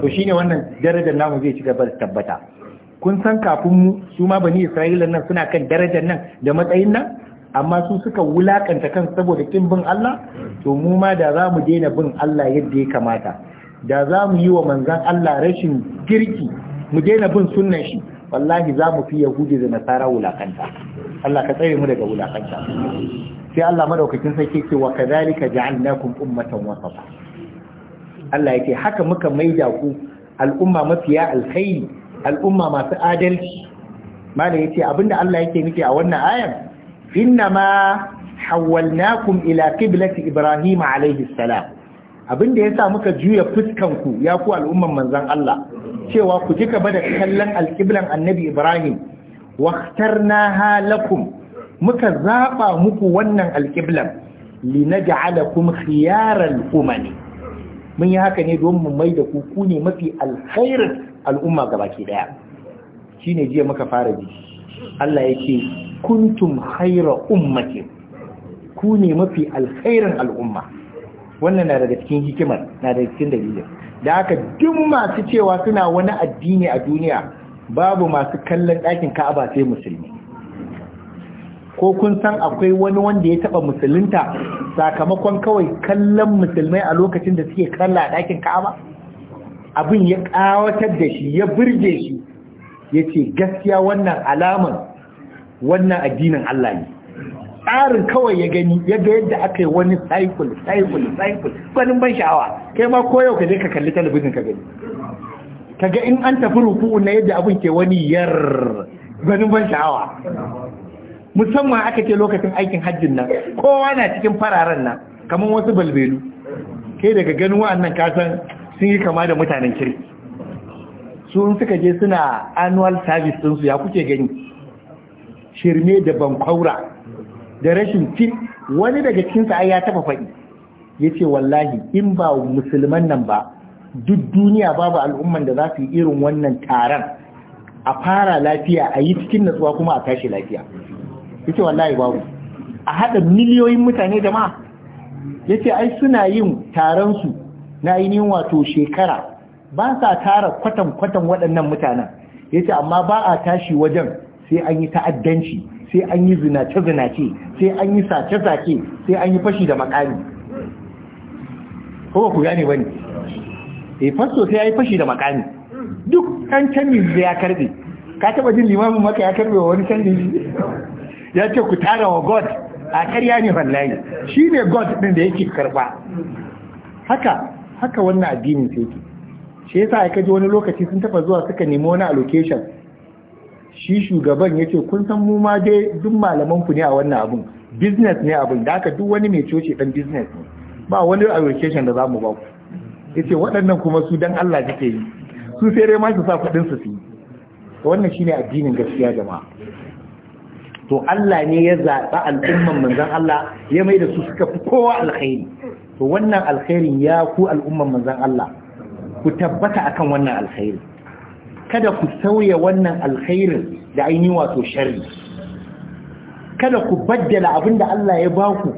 to shine wannan darajar namu zai ci gaba da tabbata kun san kafin mu su ma bani Isra'ila nan suna kan darajar nan da matsayin nan amma su suka wulakanta kan saboda kin bin Allah to mu ma da za mu daina bin Allah yadda ya kamata da za mu yi wa manzan Allah rashin girki mu daina bin sunnan shi wallahi za mu fi yahudi da nasara wulakanta Allah ka tsare mu daga wulakanta sai Allah madaukakin sarki ce wa kadhalika ja'alnakum ummatan wasata Allah yake haka muka maida ku al'umma mafiya alkhairi al'umma masu adalci malai yace abinda Allah yake nufi a wannan ayan inna ma hawwalnakum ila qiblati ibrahim alayhi salam abinda yasa muka juya fuskan ku ya ku al'umman manzon Allah cewa ku ji gaba da kallon alƙiblan annabi ibrahim na halakum muka zaɓa muku wannan alƙiblan linaj'alakum khiyaral umami mun yi haka ne don mu mai da ku ku ne mafi alkhairin al'umma ɗaya. daya shine jiya muka fara ji Allah yake kuntum khaira ummatin ku ne mafi alkhairin al'umma wannan na daga cikin hikimar na daga cikin dalilin da haka duk masu cewa suna wani addini a duniya babu masu kallon ɗakin ka'aba sai musulmi ko kun san akwai wani wanda ya taba musulunta sakamakon kawai kallon musulmai a lokacin da suke kalla a ɗakin ka'aba abin ya ƙawatar da shi ya burge shi ya ce gaskiya wannan alaman wannan addinin Allah ne tsarin kawai ya gani yadda yadda aka yi wani cycle cycle cycle gwanin ban sha'awa kai ma koyau ka je ka kalli talabijin ka gani kaga in an tafi ruku'u na yadda abin ke wani yar gwanin ban sha'awa musamman aka ce lokacin aikin hajjin nan kowa na cikin fararen nan kamar wasu balbelu kai daga ganin wa'annan kasan sun yi kama da mutanen kirki su in suka je suna annual service ɗinsu ya kuke gani shirme da bankaura da rashin fit wani daga cikinsa ai ya taba faɗi ya ce wallahi in ba musulman nan ba duk duniya babu al'umman da za su yi irin wannan taron a fara lafiya a yi cikin natsuwa kuma a tashi lafiya ya ce wallahi babu a haɗa miliyoyin mutane ma ya ce ai suna yin su na ainihin wato shekara ba sa tara kwatan-kwatan waɗannan mutanen ya ce amma ba a tashi wajen sai an yi ta'addanci sai an yi zinace-zinace sai an yi sace-sace sai an yi fashi da makami Kuma ku gane wani E, eh, fasto sai ya yi fashi da makami duk kan canjin da ya karbe ka taba jin limamin maka ya karbe wani canjin ya ce ku tara wa god a karya ne wallahi shi ne god din da yake karba haka haka wannan addinin sai yake shi yasa aka ji wani lokaci sun taba zuwa suka nemi wani allocation shi shugaban ya ce kun san mu ma dai duk malaman ku ne a wannan abun business ne abun da aka duk wani mai coci dan business ne ba wani allocation da zamu ba ku yace waɗannan kuma su dan Allah kike yi su sai dai ma su sa kuɗin su su wannan shine addinin gaskiya jama'a to Allah ne ya zaɓa al'umman manzan Allah ya mai da su suka fi kowa alkhairi to wannan alkhairin ya ku al'umman manzan Allah ku tabbata akan wannan alkhairi kada ku sauya wannan alkhairin da ainihin wato sharri kada ku baddala abinda Allah ya baku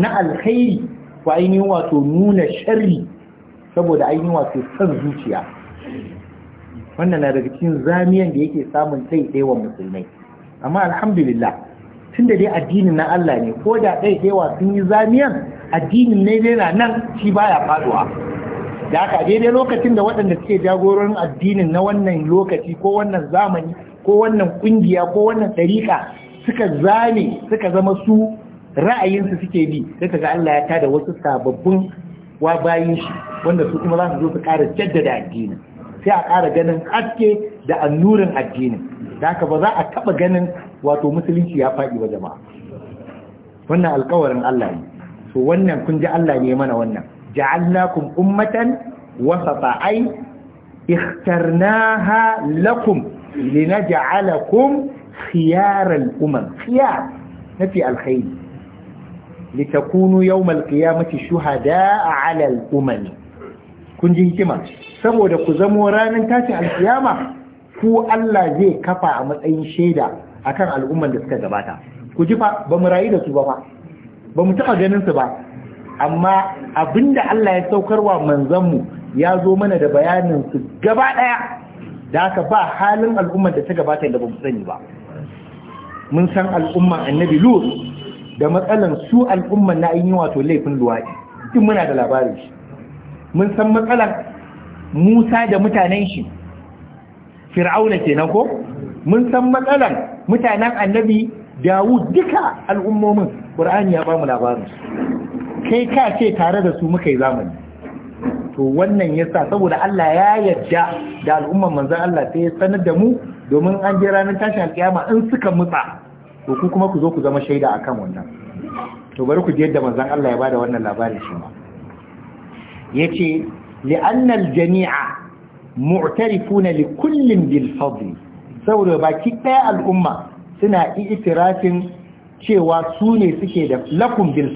na alkhairi ku ainihin wato nuna sharri saboda ainihin wato son zuciya wannan na daga cikin zamiyan da yake samun sai ɗewa musulmai amma alhamdulillah tun da dai addinin na Allah ne ko da ɗai sun yi zamiyan addinin ne yana nan shi baya faduwa da haka daidai lokacin da waɗanda suke jagoran addinin na wannan lokaci ko wannan zamani ko wannan ƙungiya ko wannan ɗariƙa suka zame suka zama su ra'ayinsu suke bi sai ga Allah ya tada wasu sababbin wa bayin shi wanda su kuma za su zo su ƙara jaddada addinin sai a ƙara ganin haske da annurin addinin da haka ba za a taɓa ganin wato musulunci ya faɗi ba jama'a wannan alƙawarin Allah ne to wannan kun ji Allah ne mana wannan ja'alnakum ummatan wasata ai ikhtarnaha lakum linaj'alakum khiyaral umam khiyar nafi alkhair litakunu yawmal qiyamati shuhada'a 'ala al-umam kun ji hikima saboda ku zamo ranar tashin alkiyama ku Allah zai kafa a matsayin shaida akan al'umman da suka gabata ku ji fa bamu rayu da su ba fa taɓa ganin su ba amma abinda Allah ya saukar saukarwa manzanmu ya zo mana da bayanin su gaba daya da aka ba halin al'ummar da ta gabata da bamu sani ba mun san al'umma annabi lut da matsalan su al'umma na yi wato laifin luwaɗi duk muna da labarin shi mun san matsalan Musa da mutanen shi Fir'auna kenan ko mun san matsalan mutanen annabi Dawud duka al'ummomin Qur'ani ya ba mu labarin su kai ka ce tare da su muka yi zamani to wannan yasa saboda Allah ya yarda da al'umman manzan Allah ta ya sanar da mu domin an je ranar tashin alkiyama in suka mutsa to ku kuma ku zo ku zama shaida akan wannan to bari ku je yadda manzan Allah ya bada wannan labari shi ma yace li'anna al-jami'a mu'tarifuna li kullum bil saboda baki ɗaya al'umma suna i'tirafin cewa su ne suke da lakum bil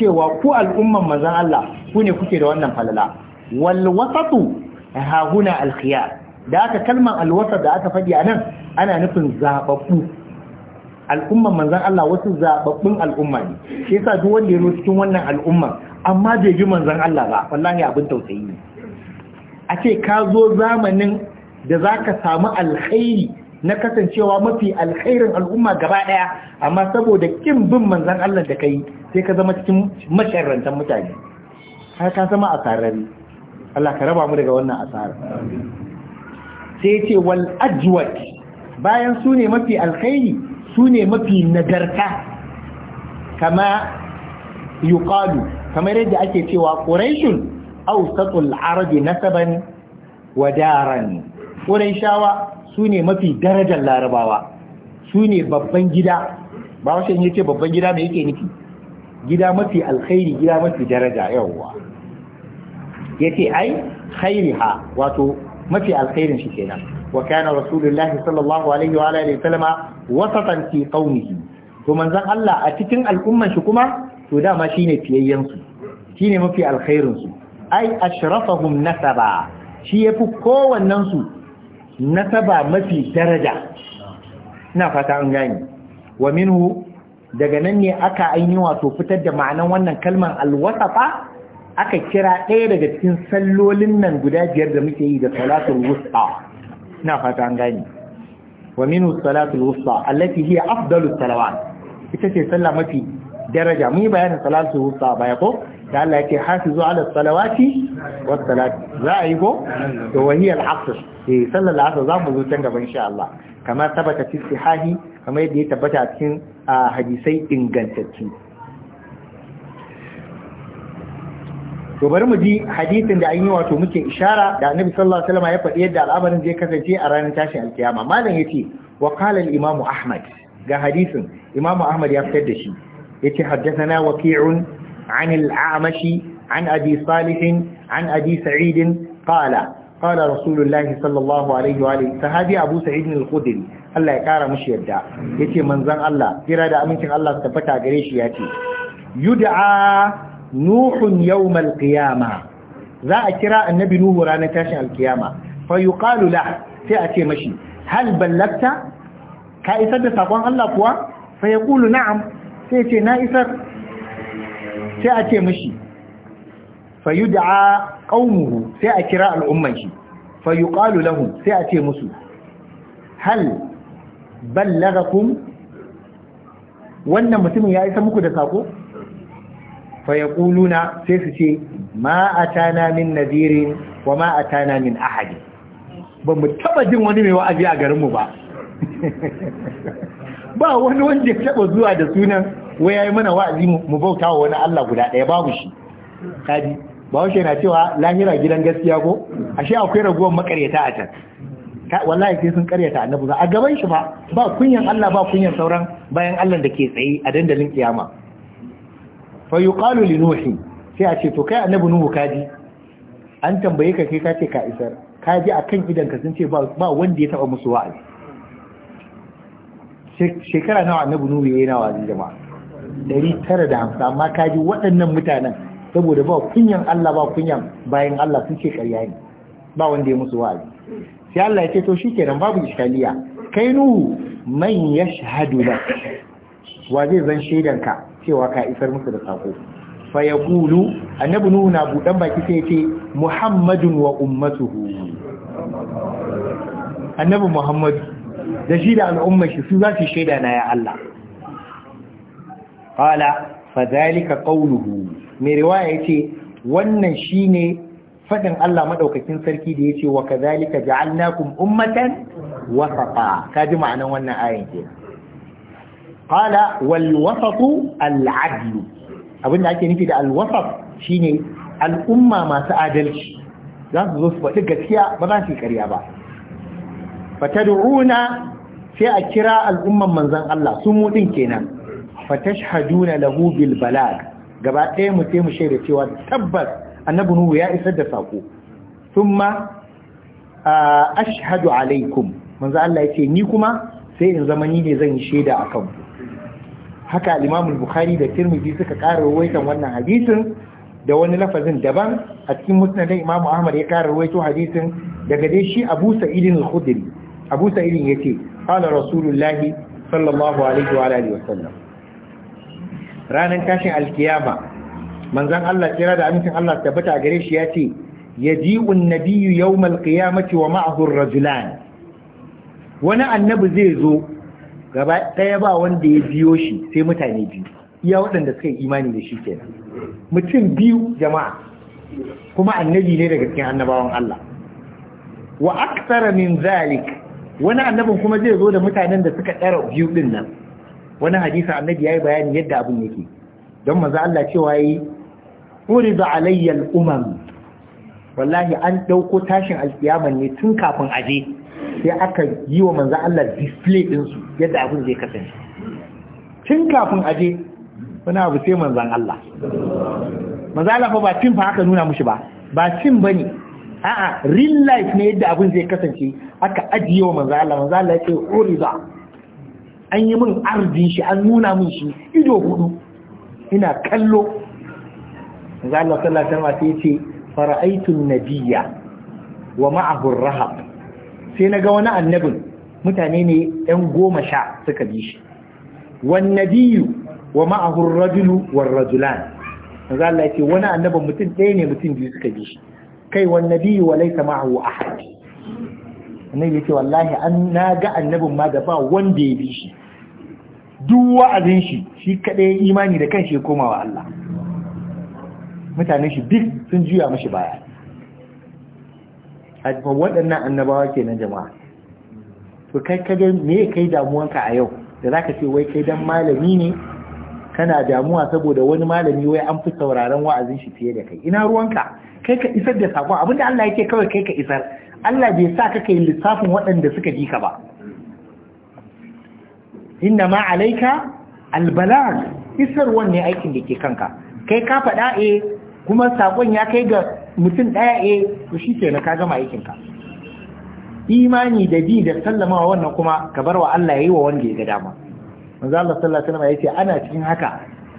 cewa ku al'umman mazan Allah ku ne kuke da wannan falala walwasatu ha huna alkhiya da aka kalmar alwasa da aka faɗi a nan, ana nufin zaɓaɓɓu. al'umman manzan Allah wasu zaɓaɓɓun al'umma ne shi sa duk wanda ya zo cikin wannan al'umman amma bai ji manzon Allah ba wallahi abin tausayi ne a ce ka zo zamanin da za ka samu alkhairi na kasancewa mafi alkhairin al'umma gaba ɗaya amma saboda kin bin manzan Allah da ka yi. sai ka zama cikin masharrantan mutane har ka zama sarari. Allah ka raba mu daga wannan asara sai ya ce wal bayan su ne mafi alkhairi su ne mafi nagarta kama yuqalu kamar yadda ake cewa quraishun awsatul arabi nasaban wa daran quraishawa ne mafi darajar larabawa ne babban gida ba wace ce babban gida me yake nufi gida mafi alkhairi gida mafi daraja yawwa ce ai ha, wato mafi alkhairin shi kenan wa kana rasulullah sallallahu alaihi wa alihi sallama wasatan fi qaumihi to manzon Allah a cikin al'umman shi kuma to dama shine fiyayyen su shine mafi alkhairin su ai ashrafahum nasaba shi yafi kowannen su nasaba mafi daraja ina fata an gane wa minhu daga nan ne aka ainihin wato fitar da ma'anan wannan kalmar alwasafa aka kira ɗaya daga cikin sallolin nan guda biyar da muke yi da salatul wusta ina fata an gani wa minhu salatul wusta allati hiya afdalus salawat ita ce sallah mafi daraja mun yi bayanin salatul wusta baya ko da Allah yake hafizu ala salawati was salati za a yi ko to wa hiya al-asr eh sallar al-asr za mu zo can gaba insha Allah kama sabata fi sihahi kamar yadda ya tabbata a cikin hadisai ingantacci to bari mu ji hadisin da an yi wato muke ishara da annabi sallallahu alaihi wasallam ya faɗi yadda al'amarin zai kasance a ranar tashin alkiyama malam yace wa qala al imam ahmad ga hadisin Imam ahmad ya fitar da shi yace haddathana waqi'un an al-a'mashi an abi salih an abi sa'id qala qala rasulullahi sallallahu alaihi wa alihi sahabi abu sa'id al Allah ya ƙara mushi yadda ya yace Manzan Allah kira da amincin Allah su tabbata gare shi ce. Yuda'a nuhun yawmal qiyama za a kira annabi nuhu ranar tashin alkiyama fa yuqalu la sai a ce mashi hal ballagta ka isar da sakon Allah kuwa fa yaqulu na'am sai ce na isar sai a ce mashi fa yud'a qaumuhu sai a kira al'umman shi fa yuqalu lahum sai a ce musu hal ballagakum wannan mutumin ya isa muku da sako fa yaquluna sai su ce ma atana min nadirin wa ma atana min ahadi ba mu taba jin wani mai wa'azi a garin mu ba ba wani wanda ya taba zuwa da sunan wai yayi mana wa'azi mu bauta wa wani Allah guda daya babu shi kaji ba wace na cewa lahira gidan gaskiya ko ashe akwai raguwar makaryata a can wallahi sai sun karyata annabi a gaban shi ba ba kunyan Allah ba kunyan sauran bayan Allah da ke tsaye a dandalin kiyama fa yuqalu li nuhi sai a ce to kai annabi nuhu kaji an tambaye ka kai ka ce ka isar kaji akan idan ka sun ce ba wanda ya taba musu wa'azi shekara nawa annabi nuhu yayin wa'azi jama'a 950 amma kaji waɗannan mutanen saboda ba kunyan Allah ba kunyan bayan Allah sun ce ƙarya ne ba wanda ya musu wa'azi sai Allah ya ce to shikenan babu iskaliya kai nuhu man shahadu lak wa zai zan shaidanka cewa ka isar musu da sako fa gulu annabi nuhu na buɗan baki sai ya ce muhammadun wa ummatuhu annabi muhammadu da shi da al'ummar shi su za su shaida na ya Allah qala fa zalika qawluhu mai riwaya yace wannan shine faɗin Allah maɗaukakin sarki da ya ce wa kazalika ja'alnakum ummatan wasafa ka ji ma'anan wannan ayan ke qala wal wasatu al adl ake nufi da al wasat shine al'umma masu adalci za su zo su faɗi gaskiya ba za su yi ƙarya ba fatad'una sai a kira al'umman manzon Allah su mu din kenan fatashhaduna lahu bil balag gaba ɗaya mu sai mu shaida cewa tabbas annabi nuhu ya isar da sako thumma ashhadu alaikum manzo Allah yace ni kuma sai in zama ni ne zan yi shaida akan ku haka al-Imam bukhari da Tirmidhi suka kara rawaitan wannan hadisin da wani lafazin daban a cikin musnad Imam Ahmad ya kara rawaito hadisin daga dai shi Abu Sa'id al-Khudri Abu Sa'id yace qala Rasulullah sallallahu alaihi wa alihi wa sallam ranan tashin alkiyama Manzan Allah kira da amincin Allah tabbata a gare shi ya ce ya ji yaji'un nabiyu yau mace wa ma'ahu rajulan wani annabi zai zo gaba ɗaya ba wanda ya biyo shi sai mutane biyu iya waɗanda suka yi imani da shi kenan mutum biyu jama'a kuma annabi ne daga cikin annabawan Allah wa aksara min zalik wani annabin kuma zai zo da mutanen da suka tsara biyu ɗin nan wani hadisa annabi ya yi bayani yadda abin yake don maza Allah cewa yi urida alayyar umar, wallahi an ɗauko tashin alƙiyamar ne tun kafin aje sai aka yi wa manzan Allah display din su yadda abin zai kasance tun kafin aje wani abu sai manzan Allah manzan Allah ba tun fa aka nuna mushi ba ba ba bane a'a real life ne yadda abin zai kasance aka ajiye wa manzan Allah manzan Allah ya ce urida an yi min arzin shi an nuna min shi ido hudu ina kallo ga Allah sallallahu alaihi wasallam sai ce fara'aitu nabiyya wa ma'ahu rahab sai naga wani annabin mutane ne ɗan goma sha suka bi shi wan nabiyyu wa ma'ahu ar-rajulu war rajulan ga Allah ce wani annabin mutum ɗaya ne mutum biyu suka bi shi kai wan nabiyyu wa laysa ma'ahu ahad annabi yace wallahi an naga annabin ma da ba wanda ya bi shi duk wa'azin shi shi kadai imani da kanshi ya komawa Allah mutane shi duk sun juya mashi baya a waɗannan annabawa ke kenan jama'a to kai kaga me kai damuwanka a yau da za ka ce wai kai dan malami ne kana damuwa saboda wani malami wai an fi sauraron wa'azin shi fiye da kai ina ruwanka kai ka isar da sakon abinda Allah yake kawai kai ka isar Allah bai sa ka kai lissafin waɗanda suka ji ka ba inna ma alaika albalag isar wanne aikin da ke kanka kai ka faɗa eh kuma sakon ya kai ga mutum ɗaya e to shi ke na ka gama aikinka imani da ji da wa wannan kuma ka bar wa Allah ya yi wa wanda ya ga dama manzo Allah sallallahu alaihi wasallam ya ce ana cikin haka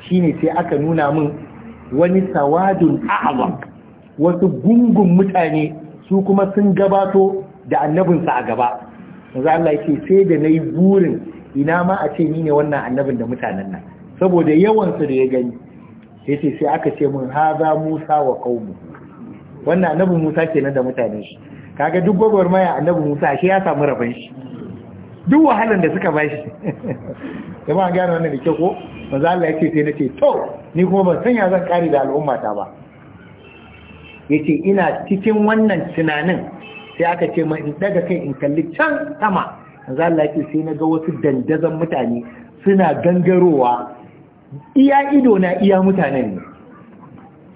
shine sai aka nuna min wani sawadun a'zam wasu gungun mutane su kuma sun gabato da annabinsa a gaba manzo Allah ya ce sai da nayi burin ina ma a ce ni ne wannan annabin da mutanen nan saboda yawan su da ya gani yace sai aka ce mun haza Musa wa qaumi wannan annabi Musa kenan da mutane shi kaga duk gwagwarmaya annabi Musa shi ya samu rabon shi duk wahalan da suka bashi kuma an gane wannan da ke ko manzo Allah yace sai nace to ni kuma ban san ya zan kare da al'umma ta ba yace ina cikin wannan tunanin sai aka ce mun in daga kai in kalli can sama manzo Allah yace sai na ga wasu dandazan mutane suna gangarowa iya ido na iya mutanen ne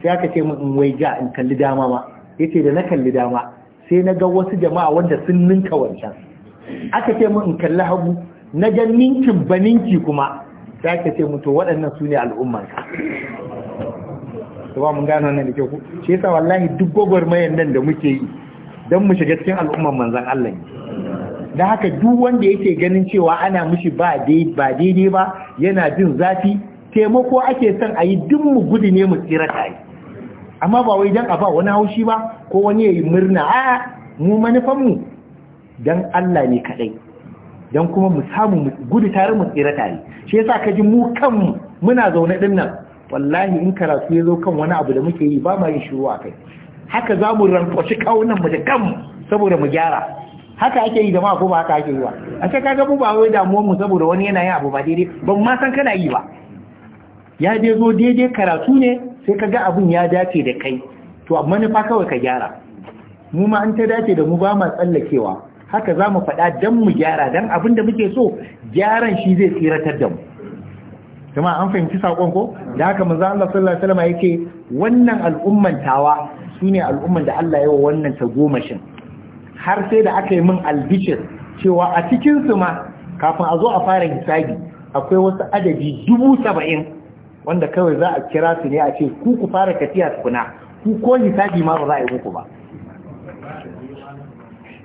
sai aka ce min wai ja in kalli dama ma yace da na kalli dama sai na ga wasu jama'a wanda sun ninka wancan aka ce min in kalli hagu na ga ninkin ba kuma sai aka ce min to waɗannan su ne al'umman ka ba mun gano nan da ke ku shi yasa wallahi duk gwagwarmayar nan da muke yi don mu shiga cikin al'umman manzan Allah ne da haka duk wanda yake ganin cewa ana mishi ba daidai ba yana jin zafi taimako ake son a yi duk mu gudu ne mu tsira tare amma ba wai dan a ba wani haushi ba ko wani yayi murna a mu manufan mu dan Allah ne kaɗai, dan kuma mu samu gudu tare mu tsira tare shi yasa ka ji mu kanmu muna zaune din nan wallahi in karatu ya zo kan wani abu da muke yi ba ma yin shiru a kai haka za mu rantsoci kawunan mu da kanmu saboda mu gyara haka ake yi da ma ko ba haka ake yi ba a sai kaga mu ba wai damuwar mu saboda wani yana yin abu ba daidai ban ma san kana yi ba ya dai zo daidai karatu ne sai ka ga abin ya dace da kai to amma nufa kawai ka gyara mu ma an ta dace da mu ba ma tsallakewa haka za mu faɗa don mu gyara don abin da muke so gyaran shi zai tsiratar da mu kuma an fahimci saƙon ko da haka manzo Allah sallallahu alaihi wasallam yake wannan al'umman tawa sune al'umman da Allah ya wa wannan ta gomashin har sai da aka yi min albishir cewa a cikin su ma kafin a zo a fara hisabi akwai wasu adadi dubu saba'in wanda kawai za a kira su ne a ce ku ku fara tafiya tukuna ku ko hisabi ma ba za a yi muku ba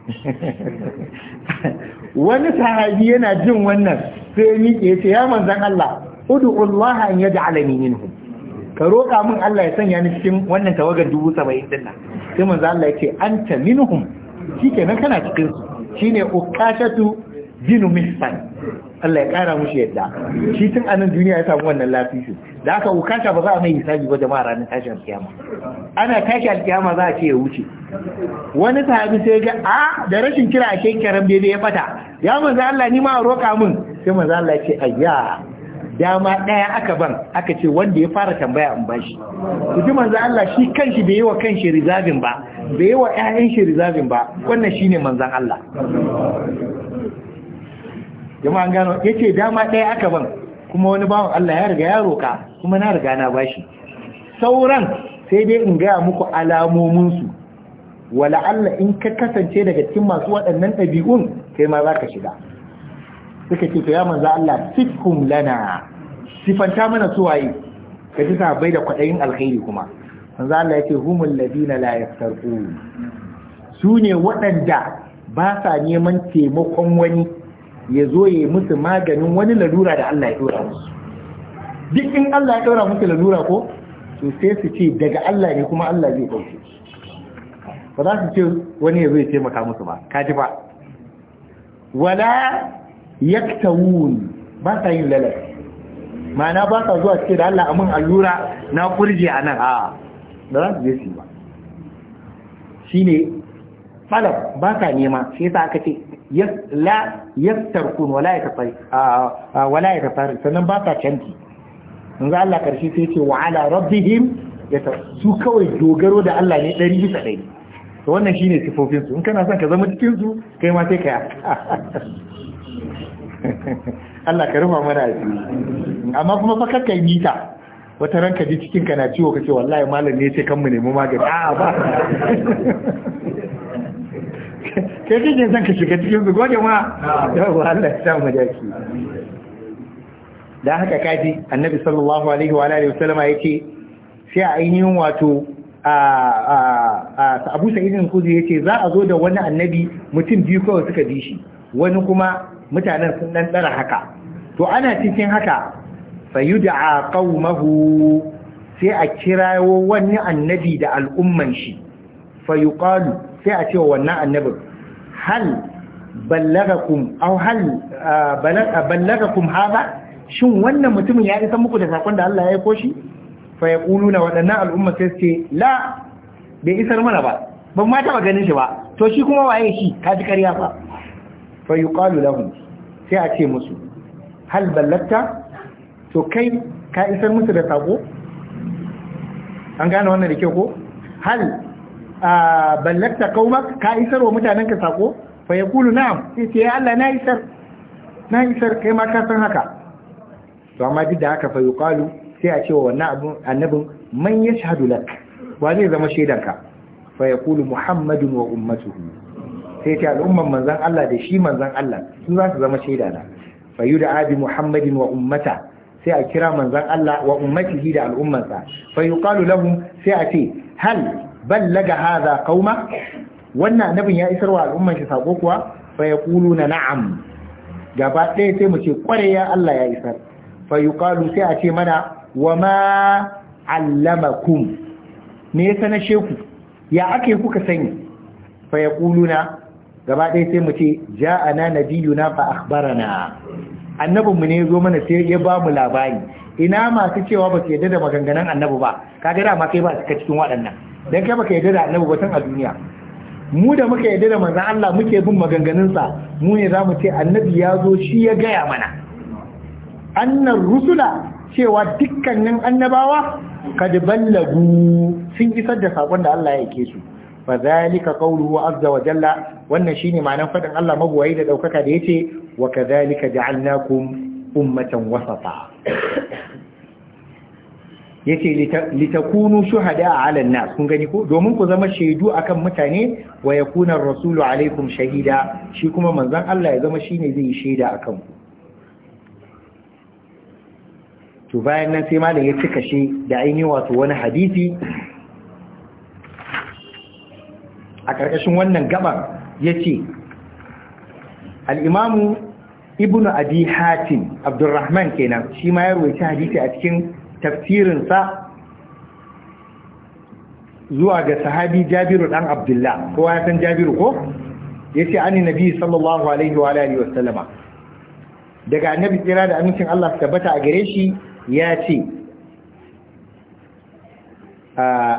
wani sahabi yana jin wannan sai miƙe ce ya manzan Allah ud'ullaha an yaj'alani minhum ka roƙa min Allah ya sanya ni cikin wannan tawagar dubu saba'in dinna." nan sai manzan Allah ya ce anta minhum shikenan kana cikin su shine ukashatu jinu misfan Allah ya kara mushi yadda shi tun a nan duniya ya samu wannan lafisu da aka wukata ba za a mai hisabi ba jama'a ranar tashi alkiyama ana tashi alkiyama za a ce ya wuce wani sahabi sai ga a da rashin kira a kai karam daidai ya fata ya manzo Allah ni ma a roka min sai manzo Allah ya ce ayya dama ɗaya aka ban aka ce wanda ya fara tambaya in bashi ji manzo Allah shi kanshi bai yi wa kanshi rizabin ba bai yi wa ƴaƴan shi rizabin ba wannan shine manzon Allah jama'an gano ya ce dama ɗaya aka ban kuma wani bawan Allah ya riga ya roka kuma na riga na bashi sauran sai dai in gaya muku alamomin su wala Allah in ka kasance daga cikin masu waɗannan ɗabi'un kai ma za ka shiga suka ce to ya manza Allah sifkum lana sifanta mana su waye ka ji sabai da kwaɗayin alkhairi kuma manza Allah yace humul ladina la yaftarqu su ne waɗanda ba sa neman taimakon wani ya zo yi musu maganin wani lalura da Allah ya dora musu duk in Allah ya dora musu lalura ko to sai su ce daga Allah ne kuma Allah zai dauke ba za su ce wani ya zo ya taimaka musu ba ka ji ba wala yaktawun ba sa yin lalata ma'ana ba sa zuwa ce da Allah amin allura na kurje a nan a Ba za su je su ba shi ne falaf ba sa nema shi sa aka ce la yastarkun wala ya tafai wala ya tafari sannan ba sa canti in za Allah karshe sai ce wa ala rabbihim ya su kawai dogaro da Allah ne ɗari bisa ɗari to wannan shine sifofin su in kana son ka zama cikin su kai ma sai ka Allah ka rufa mana asiri amma kuma fa kakka yi ta wata ranka ji cikin ka na ciwo kace wallahi malam ne ya ce kan mu nemi magani a ba kai kake zan ka shiga cikin su gode ma yau Allah ya samu jaki da haka kaji annabi sallallahu alaihi wa alihi wasallama yake sai a ainihin wato a Abu Sa'id al-Khudri yace za a zo da wani annabi mutum biyu kawai suka bi shi wani kuma mutanen sun dan tsara haka to ana cikin haka fayud'a qaumahu sai a kirawo wani annabi da al'umman shi fayuqalu sai a ce wannan annabin hal ballagakum aw hal ballagakum hada shin wannan mutumin ya isa muku da sakon da Allah ya aiko shi fa yaquluna wadannan al'umma sai ce la bai isar mana ba ban ma taba ganin shi ba to shi kuma waye shi ka ji ƙarya fa fa yuqalu lahum sai a ce musu hal ballagta to kai ka isar musu da sako an gane wannan da kyau ko hal ballakta kauma ka isar wa mutanen ka sako fa kulu na'am sai ce ya Allah na isar na isar kai ma ka san haka to amma duk da haka fa yuqalu sai a ce wa wannan abun annabin man yashhadu lak wa zai zama shaidanka fa kulu muhammadun wa ummatuhu sai ce al'umman manzan Allah da shi manzan Allah su za su zama shaida na fa yud'a bi muhammadin wa ummata sai a kira manzan Allah wa ummatihi da al'ummansa fa yuqalu lahum sai a ce hal ballaga hadha qauma wannan annabin ya isar wa al'umman shi sako kuwa fa yaquluna na'am gaba ɗaya sai mu ce kware ya Allah ya isar fa yuqalu sai a ce mana wa ma allamakum me ya sanashe ku ya ake kuka sani fa yaquluna gaba ɗaya sai mu ce ja'ana nabiyuna fa akhbarana mu ne zo mana sai ya ba mu labari ina masu cewa ba su yadda da maganganun annabi ba kaga dama kai ba su cikin waɗannan Don kai baka yarda da annabi batun a duniya mu da muka yarda da manzon Allah muke bin maganganunsa mu ne za mu ce annabi ya zo shi ya gaya mana annan rusula cewa dukkanin annabawa kad ballagu sun isar da sakon da Allah ya yake su fa zalika qawluhu azza wa jalla wannan shine ma'anar fadin Allah magwayi da ɗaukaka da yace wa kadhalika ja'alnakum ummatan wasafa yace litakunu shuhada ala nas kun gani ko domin ku zama shaidu akan mutane wa yakuna rasulu alaikum shahida shi kuma manzon Allah ya zama shine zai yi shaida akan ku to bayan nan sai malam ya cika shi da ainihi wato wani hadisi a karkashin wannan gaban yace al-imamu ibnu abi hatim abdurrahman kenan shi ma ya rawaita hadisi a cikin tafsirinsa zuwa ga sahabi jabiru ɗan abdullah kowa ya san jabiru ko ya ce ani nabi sallallahu alaihi wa alihi wasallama daga annabi tsira da amincin Allah su tabbata a gare shi ya ce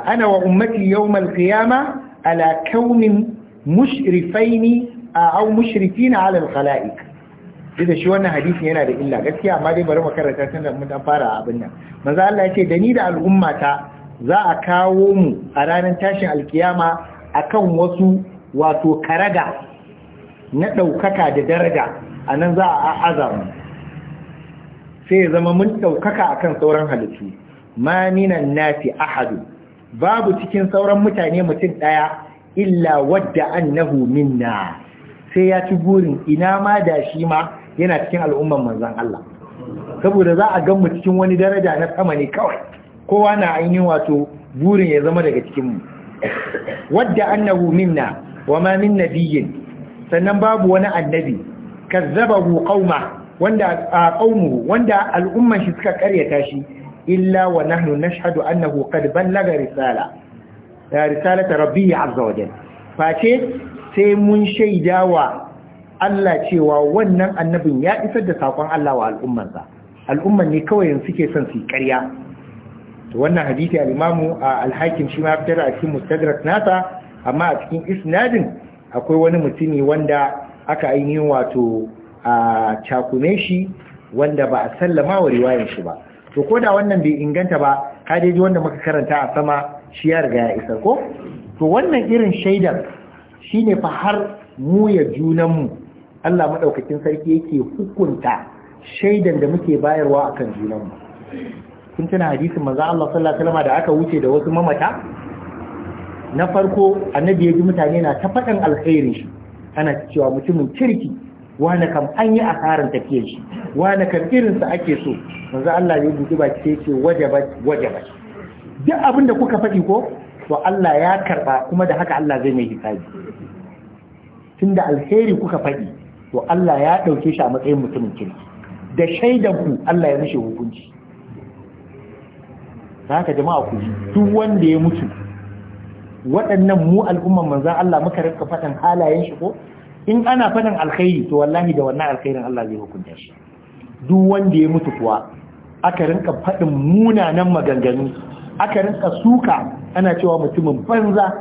ana wa ummati yawmal qiyama ala kaunin mushrifaini a au mushrifina ala al-khalaiq duk da shi wannan hadisi yana da illa gaskiya amma dai bari mu karanta tun da mun dan fara abin nan manzo Allah ya ce da ni da al'ummata za a kawo mu a ranar tashin alkiyama akan wasu wato karaga na ɗaukaka da daraja anan nan za a azamu sai ya zama mun ɗaukaka akan sauran halittu ma minan nasi ahadu babu cikin sauran mutane mutum ɗaya illa wadda annahu minna sai ya ci burin ina ma da shi ma yana cikin al'umman manzan Allah saboda za a gan mu cikin wani daraja na sama ne kawai kowa na ainihin wato burin ya zama daga cikin mu wadda annahu minna wa ma min sannan babu wani annabi kazzabahu qauma wanda a ƙaunu wanda al'umman shi suka karyata shi illa wa nahnu nashhadu annahu qad ballaga risala ta rabbi azza wa Fate sai mun shaidawa Allah cewa wannan annabin ya isar da saƙon Allah wa al'ummansa al'umman ne kawai yanzu suke son su yi to wannan hadisi Alimamu a alhakin shi ma tara a cikin Mustadrak nasa amma a cikin isnadin akwai wani mutumi wanda aka ainihin wato a cakume shi wanda ba a sallama wa riwayan shi ba to ko da wannan bai inganta ba kadeji wanda muka karanta a sama shi ya riga ya isa ko to wannan irin shaidar shine fa har mu ya junanmu Allah madaukakin sarki yake hukunta shaidan da muke bayarwa akan junanmu kun tuna hadisin manzo Allah sallallahu alaihi da aka wuce da wasu mamata na farko annabi ya ji mutane na ta faɗan alkhairin shi ana cewa mutumin kirki wani kam an yi asarar tafiyar shi wani kam irinsa ake so manzo Allah ya buɗi baki sai ce waje wajabat duk abin da kuka faɗi ko to Allah ya karba kuma da haka Allah zai mai hisabi tunda alheri kuka faɗi to Allah ya ɗauke shi a matsayin mutumin kirki da shaidan ku Allah ya mishe hukunci haka jama'a ku ji duk wanda ya mutu waɗannan mu al'umman manzan Allah muka rinka faɗin halayen shi ko in ana faɗin alkhairi to wallahi da wannan alkhairin Allah zai hukunta shi duk wanda ya mutu kuwa aka rinka faɗin munanan maganganu aka rinka suka ana cewa mutumin banza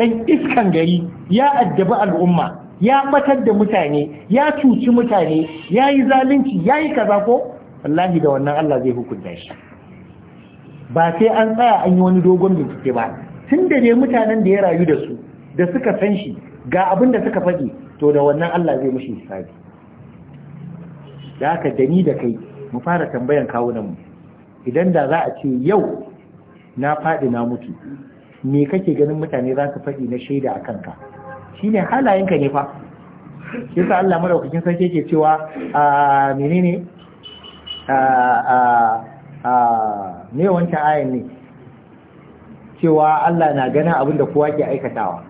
Dan iskan gari ya addabi al'umma ya batar da mutane ya cuci mutane ya yi zalunci ya yi kaza ko wallahi da wannan Allah zai hukunta shi ba sai an tsaya an yi wani dogon bincike ba tun da dai mutanen da ya rayu da su da suka san shi ga abin da suka faɗi to da wannan Allah zai mushi hisabi da haka da ni da kai mu fara tambayan mu. idan da za a ce yau na faɗi na mutu me kake ganin mutane za su faɗi na shaida a kanka Shi ne halayenka ne fa sa Allah madaukakin sarki yake cewa a menene a a a ne wancan ayin ne cewa Allah na ganin abin da kowa ke aikatawa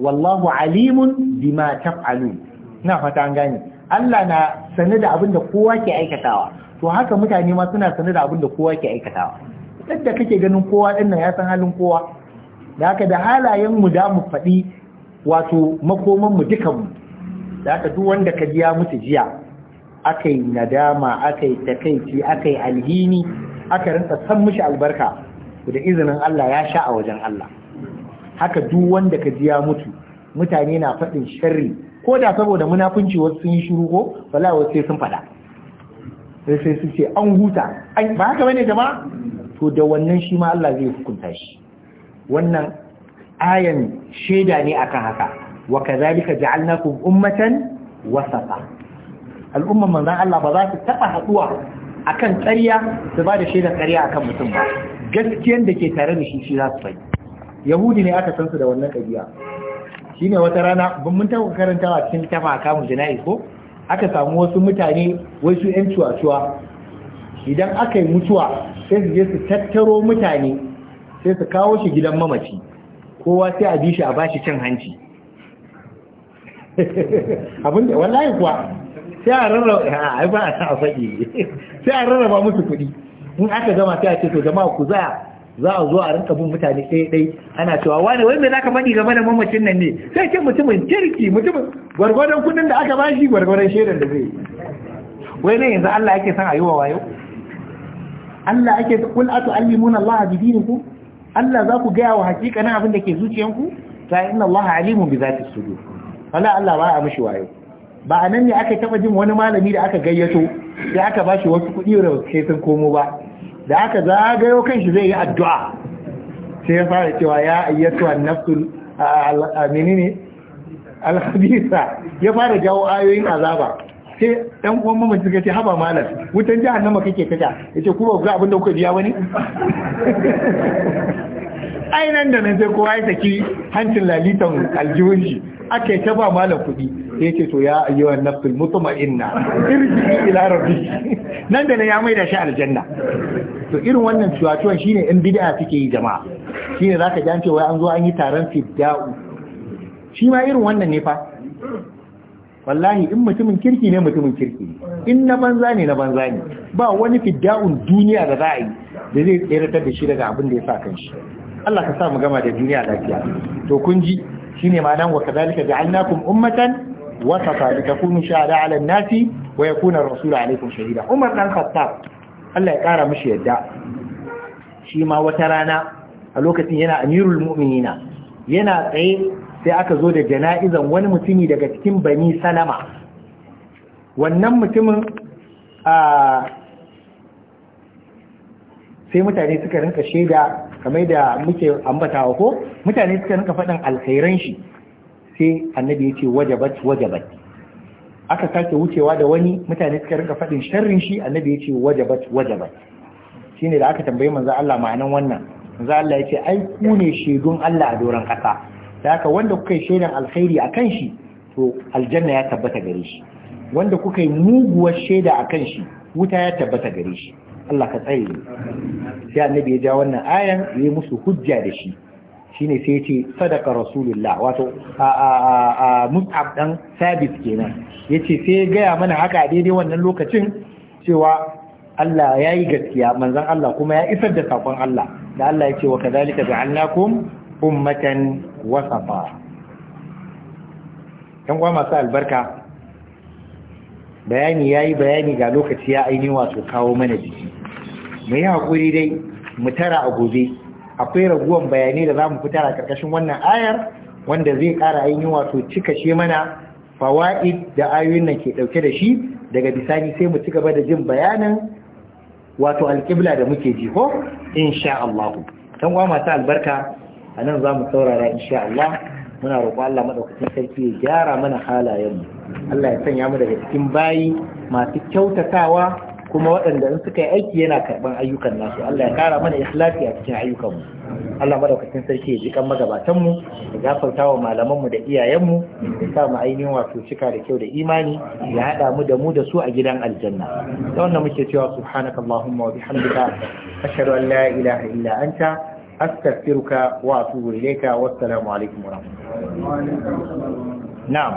wallahu alimun bima taf'alun ina fata an gane Allah na sanne da abin da kowa ke aikatawa to haka mutane ma suna sanne da abin da kowa ke aikatawa yadda kake ganin kowa dinnan ya san halin kowa da haka da halayen mu da mu faɗi wato makomanmu mu dukan da aka duk wanda ka jiya mutu jiya yi nadama yi takaici yi alhini aka rinsa san mushi albarka da izinin Allah ya sha a wajen Allah haka duk wanda ka jiya mutu mutane na faɗin sharri ko da saboda munafunci wasu sun yi shiru ko wala wasu sai sun faɗa sai su ce an huta ba haka bane jama'a to da wannan shi ma Allah zai hukunta shi wannan ayan shaida ne akan haka wa kazalika ja'alnakum ummatan wasata al'umman manzon Allah ba za su taba haduwa akan ƙarya su ba da shaidar ƙarya akan mutum ba gaskiyan da ke tare da shi shi za su fayi yahudi ne aka san su da wannan ƙabiya shine wata rana ban mun taɓa karantawa cikin tafa kamun jana'i ko aka samu wasu mutane wai su yan cuwa-cuwa idan aka yi mutuwa sai su je su tattaro mutane sai su kawo shi gidan mamaci kowa sai a bi shi a bashi cin hanci abin da wallahi kuwa sai a rarraba a ba a faɗi sai a rarraba musu kuɗi in aka gama sai a ce to jama'a ku za za a zo a rinka bin mutane ɗaya ɗai ana cewa wani wai mai zaka faɗi game da mamacin nan ne sai ce mutumin kirki mutumin gwargwadon kuɗin da aka bashi gwargwadon shaidar da zai wai ne yanzu Allah yake son a yi wa wayo Allah ake kul atu allimuna Allah bi dinikum Allah za ku gaya wa hakikanin abin da ke zuciyanku ta inna Allah alimun bi zati sudur wala Allah ba a mishi wayo ba anan ne aka taba jin wani malami da aka gayyato da aka bashi wasu kuɗi da sai sun komo ba da aka zagayo kanshi zai yi addu'a sai ya fara cewa ya ayyatu an-nafsul menene al-khabisa ya fara jawo ayoyin azaba sai ɗan uwan mamaci suka ce haba malar wutan jihar jahannama kake kaja ya ce kuma ga abin da kuka biya wani ainihin da nan sai kowa ya saki hancin lalitan aljihun shi aka yi ta ba malar kuɗi ya ce to ya ayyuwa nafsul mutuma inna irji ila rabbi nan da nan ya mai da shi aljanna to irin wannan shi shine in bid'a suke yi jama'a shine za ka an ce wai an zo an yi taron fidda'u shi ma irin wannan ne fa wallahi in mutumin kirki ne mutumin kirki in na banza ne na banza ne ba wani fidda'un duniya da za a yi da zai tseratar da shi daga abin da ya sa kan shi Allah ka sa mu gama da duniya lafiya to kun ji shine ma nan wa da ja'alnakum ummatan Wa wasata litakunu shahada 'ala an-nasi wa yakuna ar-rasulu 'alaykum shahida Umar dan Khattab Allah ya kara mishi yadda shi ma wata rana a lokacin yana amirul mu'minina yana tsaye sai aka zo da jana'izan wani mutumi daga cikin bani salama wannan mutumin a sai mutane suka rinka shaida kamar da muke ambatawa ko mutane suka rinka faɗin alkhairan shi sai annabi ya ce wajabat wajabat aka sake wucewa da wani mutane suka rinka faɗin sharrin shi annabi ya ce wajabat wajabat shine da aka tambayi manzo Allah ma'anan wannan za Allah ya ce ai ku ne shaidun Allah a doron kasa da haka wanda kuka yi shaidan alkhairi a kan shi to aljanna ya tabbata gare shi wanda kuka yi muguwar shaida a kan shi wuta ya tabbata gare shi Allah ka tsaye sai annabi ya ja wannan ayan ya yi musu hujja da shi shine sai ya ce sadaka rasulullah wato a mus'ab dan sabit kenan yace sai ya gaya mana haka a daidai wannan lokacin cewa Allah ya yi gaskiya manzon Allah kuma ya isar da sakon Allah da Allah ya ce wa kadhalika ja'alnakum ummatan wasata kan uwa masu albarka bayani yayi bayani ga lokaci ya aini wato kawo mana jiki mu yi hakuri dai mu tara a gobe akwai raguwan bayanai da zamu fitar a karkashin wannan ayar wanda zai kara aini wato cika shi mana fawaid da ayoyin nan ke dauke da shi daga bisani sai mu ci gaba da jin bayanan. wato alƙibla da muke ji ho insha Allah masu albarka a nan za mu saurara insha Allah muna roƙo Allah maɗaukacin sarki ya gyara mana halayenmu Allah ya sanya mu daga cikin bayi masu kyautatawa kuma waɗanda in suka yi aiki yana karɓar ayyukan nasu Allah ya ƙara mana ikhlasi a cikin ayyukanmu Allah madaukakin sarki ya ji kan magabatan mu ya gafarta wa malaman mu da iyayen mu ya sa mu ainihin wato cika da kyau da imani ya hada mu da mu da su a gidan aljanna da wannan muke cewa subhanakallahumma wa bihamdika ashhadu an la ilaha illa anta astaghfiruka wa atubu ilayka wassalamu alaikum wa rahmatullahi na'am